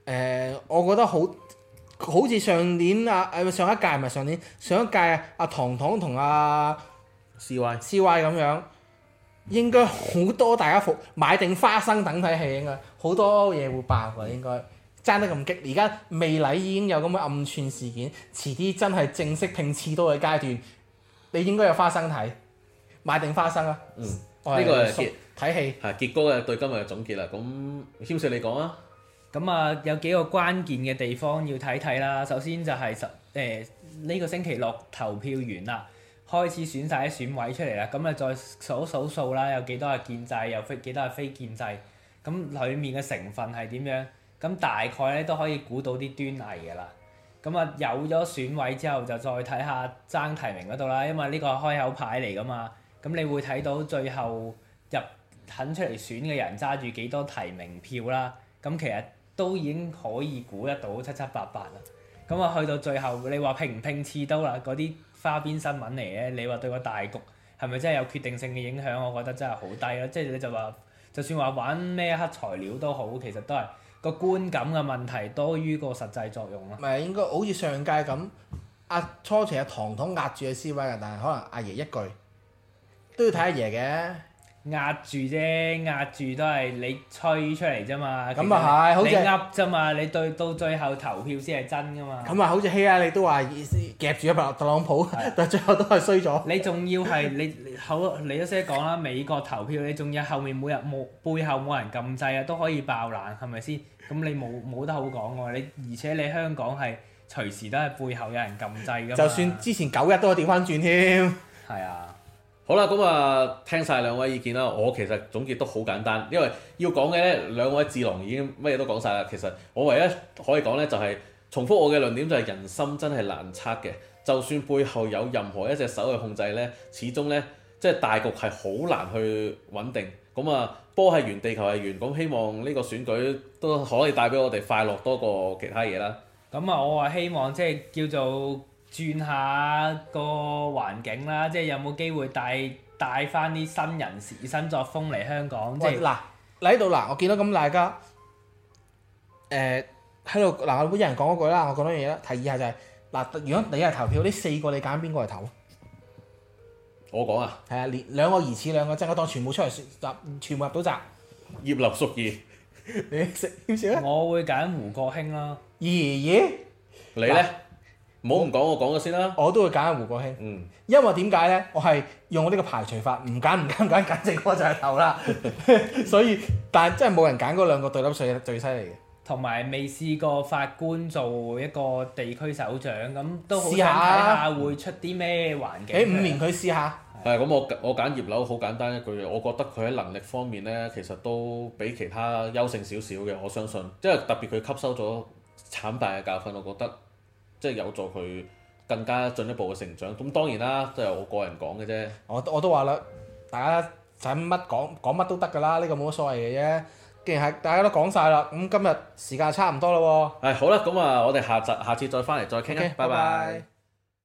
呃，我覺得好。好似上年啊，誒上一屆唔係上年，上一屆啊，阿唐唐同阿 C Y C Y 咁樣，應該好多大家服，買定花生等睇戲，應該好多嘢會爆㗎，應該爭得咁激烈，而家未嚟已經有咁嘅暗串事件，遲啲真係正式拼刺刀嘅階段，你應該有花生睇，買定花生啊！嗯，呢是個係睇熟結戲，係傑哥嘅對今日嘅總結啦。咁謙瑞你講啊。咁啊，有幾個關鍵嘅地方要睇睇啦。首先就係十誒呢個星期六投票完啦，開始選晒啲選委出嚟啦。咁啊，再數數數啦，有幾多係建制，又有幾多係非建制。咁裏面嘅成分係點樣？咁大概咧都可以估到啲端倪㗎啦。咁啊，有咗選委之後，就再睇下爭提名嗰度啦，因為呢個係開口牌嚟㗎嘛。咁你會睇到最後入，入肯出嚟選嘅人揸住幾多提名票啦。咁其實。都已經可以估得到七七八八啦，咁啊去到最後，你話拼唔拼刺刀啦？嗰啲花邊新聞嚟嘅，你話對個大局係咪真係有決定性嘅影響？我覺得真係好低咯。即係你就話，就算話玩咩黑材料都好，其實都係個觀感嘅問題多於個實際作用，唔咪應該好似上屆咁，阿初期阿唐糖壓住阿 C 威嘅，但係可能阿爺一句都要睇阿嘢嘅。壓住啫，壓住都係你吹出嚟啫嘛。咁啊係，好似噏啫嘛，你對到最後投票先係真㗎嘛。咁啊，好似希拉里都話夾住咗特朗普，的但最後都係衰咗。你仲要係你好，你啱先講啦，美國投票你仲要後面每日冇背後冇人撳掣啊，都可以爆冷係咪先？咁你冇冇得好講喎、啊？你而且你香港係隨時都係背後有人撳掣㗎嘛。就算之前九日都調翻轉添。係啊。的好啦，咁、嗯、啊，聽晒兩位意見啦。我其實總結都好簡單，因為要講嘅呢，兩位智囊已經乜嘢都講晒啦。其實我唯一可以講呢、就係，就係重複我嘅論點，就係人心真係難測嘅。就算背後有任何一隻手去控制呢，始終呢，即、就、係、係、大局係好難去穩定。咁、嗯、啊，波係圓，地球係圓。咁希望呢個選舉都可以帶俾我哋快樂多過其他嘢啦。咁啊、嗯，我話希望即係叫做。轉下個環境啦，即係有冇機會帶帶翻啲新人事、新作風嚟香港？即喂，嗱，你喺度嗱，我見到咁大家，誒喺度嗱，會有人講一句啦。我講多樣嘢啦，提議下就係、是、嗱，如果你係投票呢四個你揀邊個嚟投？我講啊。係啊，兩個疑似兩個真，當我當全部出嚟入全部入到閘。葉劉淑儀， 你食點少我會揀胡國興啦。爺爺 喊，你咧呢？唔好唔講，我講咗先啦。我都會揀阿胡國興，嗯、因為點解呢？我係用我呢個排除法，唔揀唔敢揀，揀直我就係頭啦。 所以，但係真係冇人揀嗰兩個對笠最犀利嘅，同埋未試過法官做一個地區首長，咁都好。試下會出啲咩環境。誒、啊，五年佢試下。係咁，我我揀葉劉好簡單一句，我覺得佢喺能力方面呢，其實都比其他優勝少少嘅。我相信，即係特別佢吸收咗慘大嘅教訓，我覺得。即係有助佢更加進一步嘅成長，咁當然啦，即係我個人講嘅啫。我我都話啦，大家使乜講講乜都得㗎啦，呢個冇乜所謂嘅啫。既然係大家都講晒啦，咁今日時間差唔多啦喎。係、哎、好啦，咁啊，我哋下集下次再翻嚟再傾 Okay, 拜拜。拜拜。